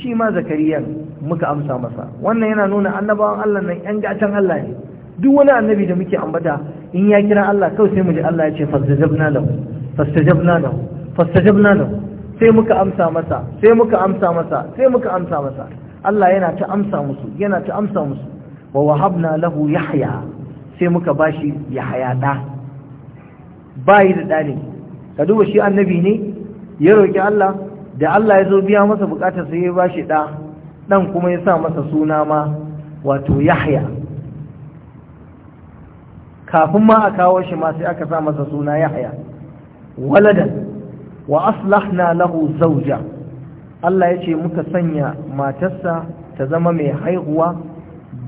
shi ma zakariya muka amsa masa wannan yana nuna annabawan Allah nan yan gatan Allah ne duk wani annabi da muke ambata in ya kira Allah kawai sai mu ji Allah ya ce fastajabna lahu fastajabna lahu fastajabna lahu sai muka amsa masa sai muka amsa masa sai muka amsa masa Allah yana ta amsa musu yana ta amsa musu wa wahabna lahu yahya sai muka bashi yahya da bai da dane ka duba shi annabi ne ya roki Allah da Allah ya zo biya masa bukatar sai ya bashi ɗa, ɗan kuma ya sa masa suna ma wato Yahya kafin ma a kawo shi ma sai aka sa masa suna Yahya waladan wa aslahna lahu zawja Allah ya ce muka sanya matarsa ta zama mai haihuwa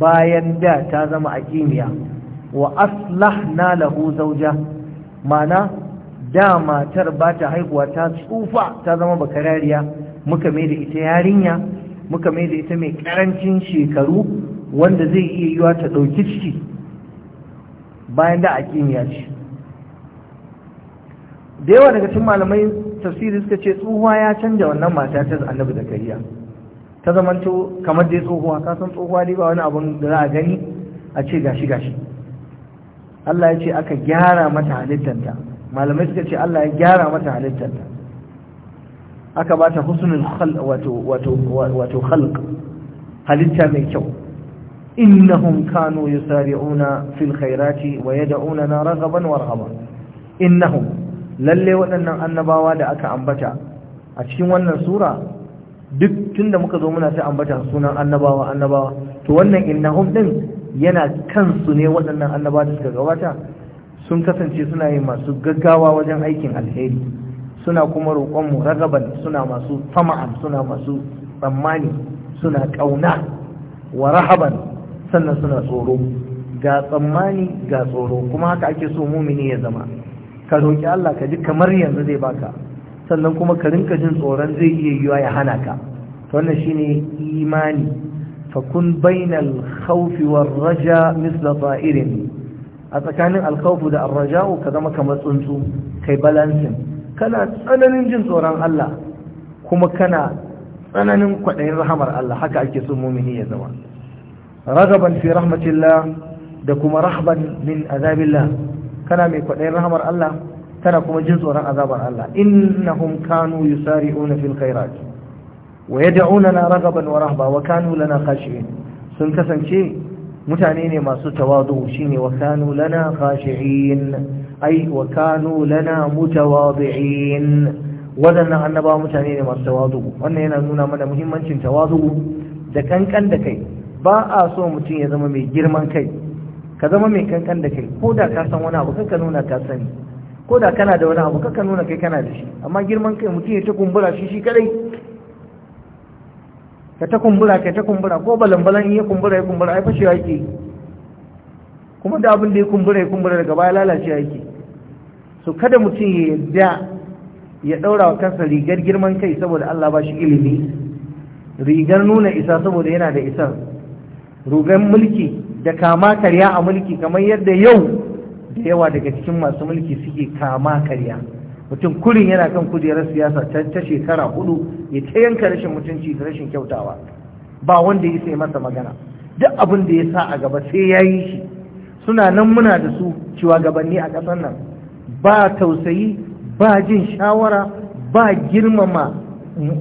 bayan da ta zama a kimiyya wa aslahna lahu zawja mana da matar ba ta haihuwa ta tsufa ta zama bakarariya muka mai da ita yarinya muka mai da ita mai karancin shekaru wanda zai iya yiwa ta ɗauki ciki bayan da a kimiyya ce da yawa daga cin malamai tafsiri suka ce tsohuwa ya canja wannan mata ta annabi kariya. ta to kamar dai tsohuwa ka san tsohuwa dai ba wani abun da za a gani a ce gashi gashi Allah ya ce aka gyara mata halittanta malamai suka ce Allah ya gyara mata halittar aka ba ta husnul khalq wato wato wato khalq halitta mai kyau innahum kanu yusari'una fil khairati wa yad'una raghaban wa rahaban innahum lalle waɗannan annabawa da aka ambata a cikin wannan sura duk tunda muka zo muna ta ambata sunan annabawa annabawa to wannan innahum din yana kansu ne waɗannan annabawa da suka gabata sun kasance suna yi masu gaggawa wajen aikin alheri suna kuma roƙonmu ragaban suna masu tama'an suna masu tsammani suna ƙauna wa rahaban sannan suna tsoro ga tsammani ga tsoro kuma haka ake so mumini ya zama ka roƙi Allah ka ji kamar yanzu zai baka sannan kuma ka rinka jin tsoron zai iya yiwa ya hana ka wannan shine imani fakun bainal khawfi war raja misla ta'irin a tsakanin alkhawfu da arraja'u ka zama kamar tsuntsu kai balansin. kana tsananin jin tsoron Allah kuma kana tsananin kwaɗayin rahamar Allah haka ake sun mumini ya zama ragaban fi rahmatillah da kuma rahaban min azabillah kana mai kwaɗayin rahamar Allah kana kuma jin tsoron azabar Allah innahum kanu yusari'una fil khairat wa yad'unana ragaban wa rahba wa kanu lana khashi'in sun kasance mutane ne masu tawadu shine wa kanu lana khashi'in ai wa kanu lana mutawadi'in wadannan annaba mutane ne masu tawadu wannan yana nuna mana muhimmancin tawadu da kankan da kai ba a so mutum ya zama mai girman kai ka zama mai kankan da kai ko da ka san wani abu kanka nuna ka sani ko da kana da wani abu kanka nuna kai kana da shi amma girman kai mutum ya ta kumbura shi shi kadai ka ta kumbura ka ta kumbura ko balan-balan in ya kumbura ya kumbura ai fashewa yake kuma da abin da ya kumbura ya kumbura daga baya lalace yake so kada mutum ya yadda ya daura wa kansa rigar girman kai saboda Allah ba shi ilimi rigar nuna isa saboda yana da isar rugan mulki da kama karya a mulki kamar yadda yau da yawa daga cikin masu mulki suke kama karya mutum kurin yana kan kujerar siyasa can ta shekara hudu ya ta yanka rashin mutunci da rashin kyautawa ba wanda ya sai masa magana duk abin da ya sa a gaba sai ya yi shi suna nan muna da su cewa gabanni a ƙasar nan ba tausayi ba jin shawara ba girmama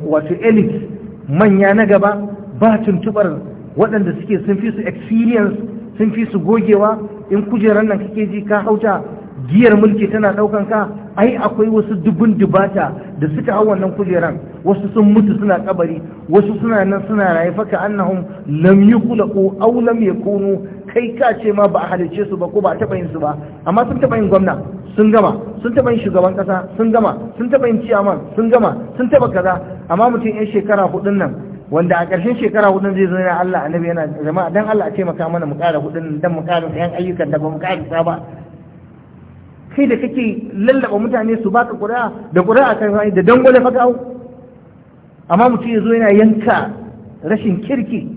wato elit manya na gaba ba tuntubar waɗanda suke sun fi su experience sun fi su gogewa in kujerar nan kake ji ka hauta giyar mulki tana daukan ka ai akwai wasu dubun dubata da suka hau wannan kujeran wasu sun mutu suna kabari wasu suna nan suna raye faka annahum lam yukhlaqu aw lam yakunu kai ka ce ma ba a halice su ba ko ba a taba yin su ba amma sun taba yin gwamna sun gama sun taba yin shugaban kasa sun gama sun taba yin ciyaman sun gama sun taba kaza amma mutum yan shekara hudun nan wanda a ƙarshen shekara hudun zai zo yana Allah annabi yana jama'a dan Allah a maka mana mu kara hudun dan mu kara yan ayyukan da ba mu kara ba kai da kake lallaba mutane su baka ƙuri'a da ƙuri'a kan hanyar da dangole fa gawo amma mutum ya zo yana yanka rashin kirki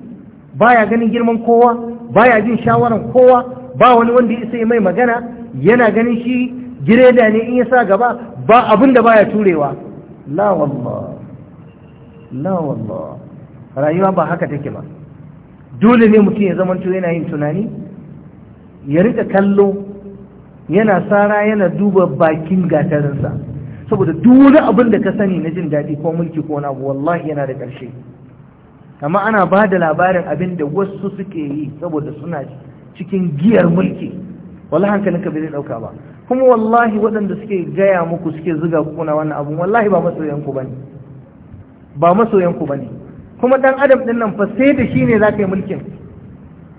baya ganin girman kowa baya jin shawaran kowa ba wani wanda ya sai mai magana yana ganin shi gireda ne in ya sa gaba ba abin da baya turewa la wallah la wallah rayuwa ba haka take ba dole ne mutum ya zamanto yana yin tunani ya rika kallo yana sara yana duba bakin gatarinsa saboda duk wani abin da ka sani na jin daɗi ko mulki ko na abu wallahi yana da ƙarshe amma ana ba da labarin abin da wasu suke yi saboda suna cikin giyar mulki wallahi ka bai zai ɗauka ba kuma wallahi waɗanda suke gaya muku suke zuga kuna wannan abun wallahi ba masoyanku ku bane ba masoyanku ku bane kuma dan adam ɗin nan fa sai da shine ne za ka yi mulkin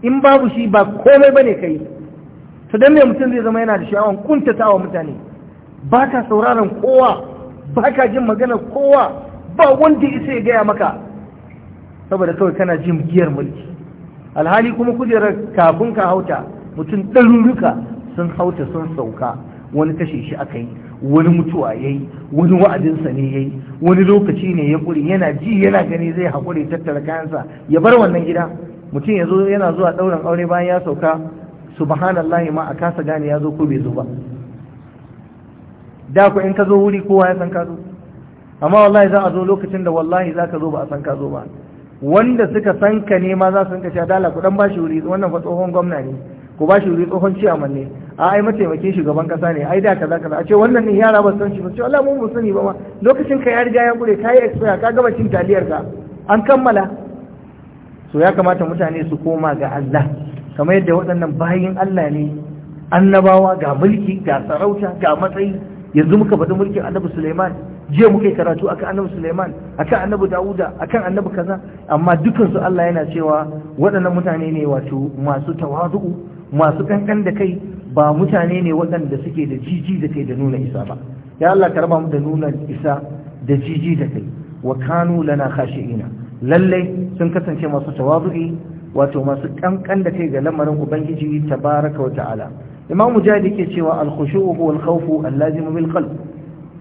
in babu shi ba komai bane kai ka yi to dan me mutum zai zama yana da sha'awan wa mutane ba ka sauraron kowa ba ka jin maganar kowa ba wanda isa ya gaya maka saboda kawai kana jin giyar mulki alhali kuma kujerar kafin ka hauta mutum ɗaruruka sun hauta sun sauka wani kashe shi aka yi wani mutuwa ya yi wani wa'adinsa ne ya yi wani lokaci ne ya ƙuri yana ji yana gani zai haƙuri tattara kayansa ya bar wannan gida mutum ya zo yana zuwa ɗaurin aure bayan ya sauka subhanallahi ma a kasa gane ya zo ko bai zo ba da ku in ka zo wuri kowa ya san ka zo amma wallahi za a zo lokacin da wallahi za ka zo ba a san ka zo ba wanda suka san ka ne ma za su ka dala ku dan bashi wuri wannan fa tsohon gwamna ne ku bashi wuri tsohon ciyaman ne a ai mataimakin shugaban kasa ne ai da kaza kaza a ce wannan ne yara ba san shi ba ce Allah mu mu sani ba ma lokacin ka ya riga ya gure kai expire ka gaba cin taliyar ka an kammala so ya kamata mutane su koma ga Allah kamar yadda waɗannan bayin Allah ne annabawa ga mulki ga sarauta ga matsayi yanzu muka faɗi mulkin annabi Suleiman jiya muka yi karatu akan annabi Suleiman akan annabi Dawuda akan annabi kaza amma dukansu Allah yana cewa waɗannan mutane ne wato masu tawazu'u masu kankan da kai ba mutane ne waɗanda suke da jiji da kai da nuna isa ba ya Allah ka raba mu da nuna isa da jiji da kai wa kanu lana khashi'ina lalle sun kasance masu tawazu'i wato masu kankan da kai ga lamarin ubangiji tabaraka wa ta'ala imam mujahid yake cewa al-khushu'u huwa al-khawfu al-lazim bil qalb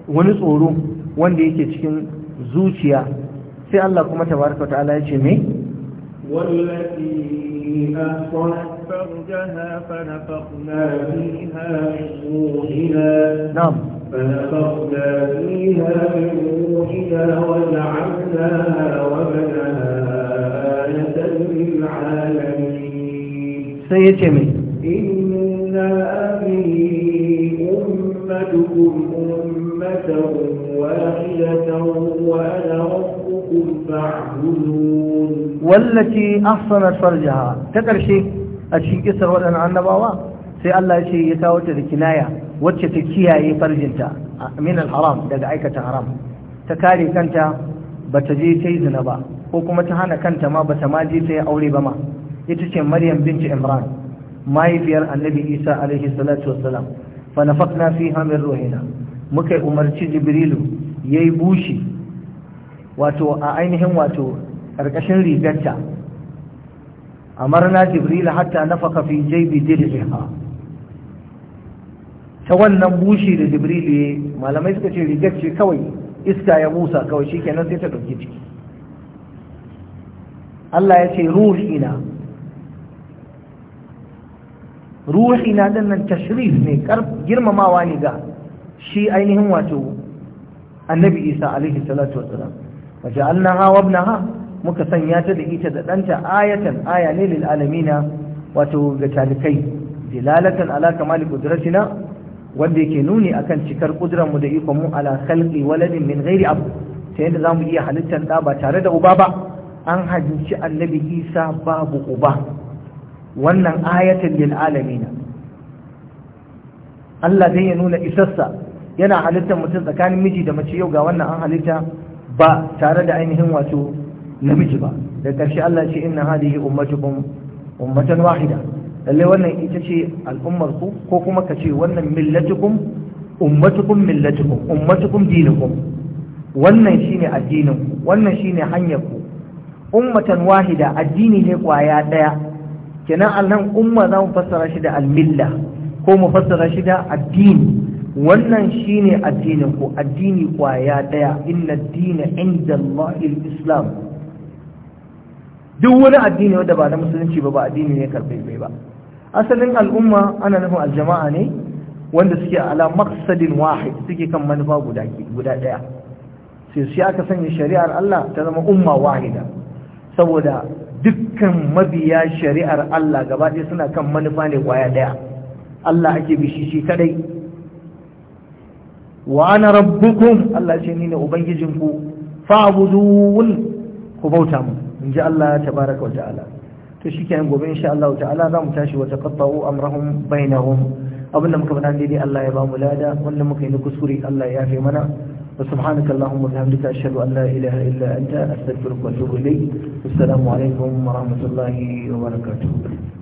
wani tsoro wanda yake cikin zuciya sai Allah kuma tabaraka wa ta'ala yace me wallati ahsanat فرجها فنفخنا فيها من روحنا نعم فنفخنا فيها من روحنا وجعلناها وبنها sai ya ce mai inna abi ummatukum ummatan wahidatan wa farjaha ta ƙarshe, a cikin kisar waɗana annabawa sai Allah ya ce ya kawo ta da kinaya wacce ta kiyaye farjinta min al-haram daga aikata haram ta kare kanta bata je ta yi zina ba ko kuma ta hana kanta ma bata ma je ta yi aure ba ma ita ce maryam binci imran mahaifiyar annabi isa alaihi salatu wassalam fa nafaqna fi min ruhina muka umarci jibrilu ya yi bushe, wato a ainihin wato karkashin rigarta amarna jibrilu hatta na nafaka fi jaybi dirhiha ta wannan bushe da jibrilu ya yi. malamai suka ce rigar ce kawai iska ya busa kawai kenan sai ta ɗauki ciki Allah ya ce ruhina ruhina din nan tashrif ne girmamawa ne ga shi ainihin wato annabi isa alaihi salatu wassalam wa ja'alnaha na ha muka sanya ta da ita da danta ayatan aya ne lil alamina wato ga talikai dilalatan ala kamali qudratina wanda yake nuni akan cikar kudurar mu da ikon mu ala khalqi waladin min ghairi abu sai yadda zamu iya halittar da ba tare da uba ba an hajinci annabi Isa babu uba wannan ayatan lil alamin Allah zai ya nuna isarsa yana halittar mutum tsakanin miji da mace yau ga wannan an halitta ba tare da ainihin wato namiji ba da ƙarshe Allah ce inna hadihi ummatukum ummatan wahida lalle wannan ita ce al'ummarku? ko kuma ka ce wannan millatukum ummatukum millatukum ummatukum dinukum wannan shine addinin ku wannan shine hanyar ku ummatan wahida addini ne kwaya daya kenan annan umma za mu fassara shi da al-milla ko mu fassara shi da addini wannan shine addinin ku addini kwaya daya inna ad-dina inda Allah islam duk wani addini wanda ba na musulunci ba ba addini ne karbe ba asalin al'umma ana nufin aljama'a ne wanda suke ala maqsadin wahid suke kan manufa guda guda daya sai sai aka sanya shari'ar Allah ta zama umma wahida saboda dukkan mabiya shari'ar Allah gaba ɗaya suna kan manufa ne waya daya Allah ake bishi shi kadai wa ana rabbukum Allah ce ni ne ubangijinku fa'budun ku bauta mu inji Allah tabaraka wa ta'ala to shi kenan gobe insha Allah ta'ala za mu tashi wa taqatta'u amrahum bainahum abinda muka faɗa Allah ya ba mu lada wanda muka yi kuskure Allah ya yafe mana wa subhanaka allahumma wa bihamdika ashhadu an la ilaha illa anta astaghfiruka wa atubu ilayk assalamu alaikum wa rahmatullahi wa barakatuh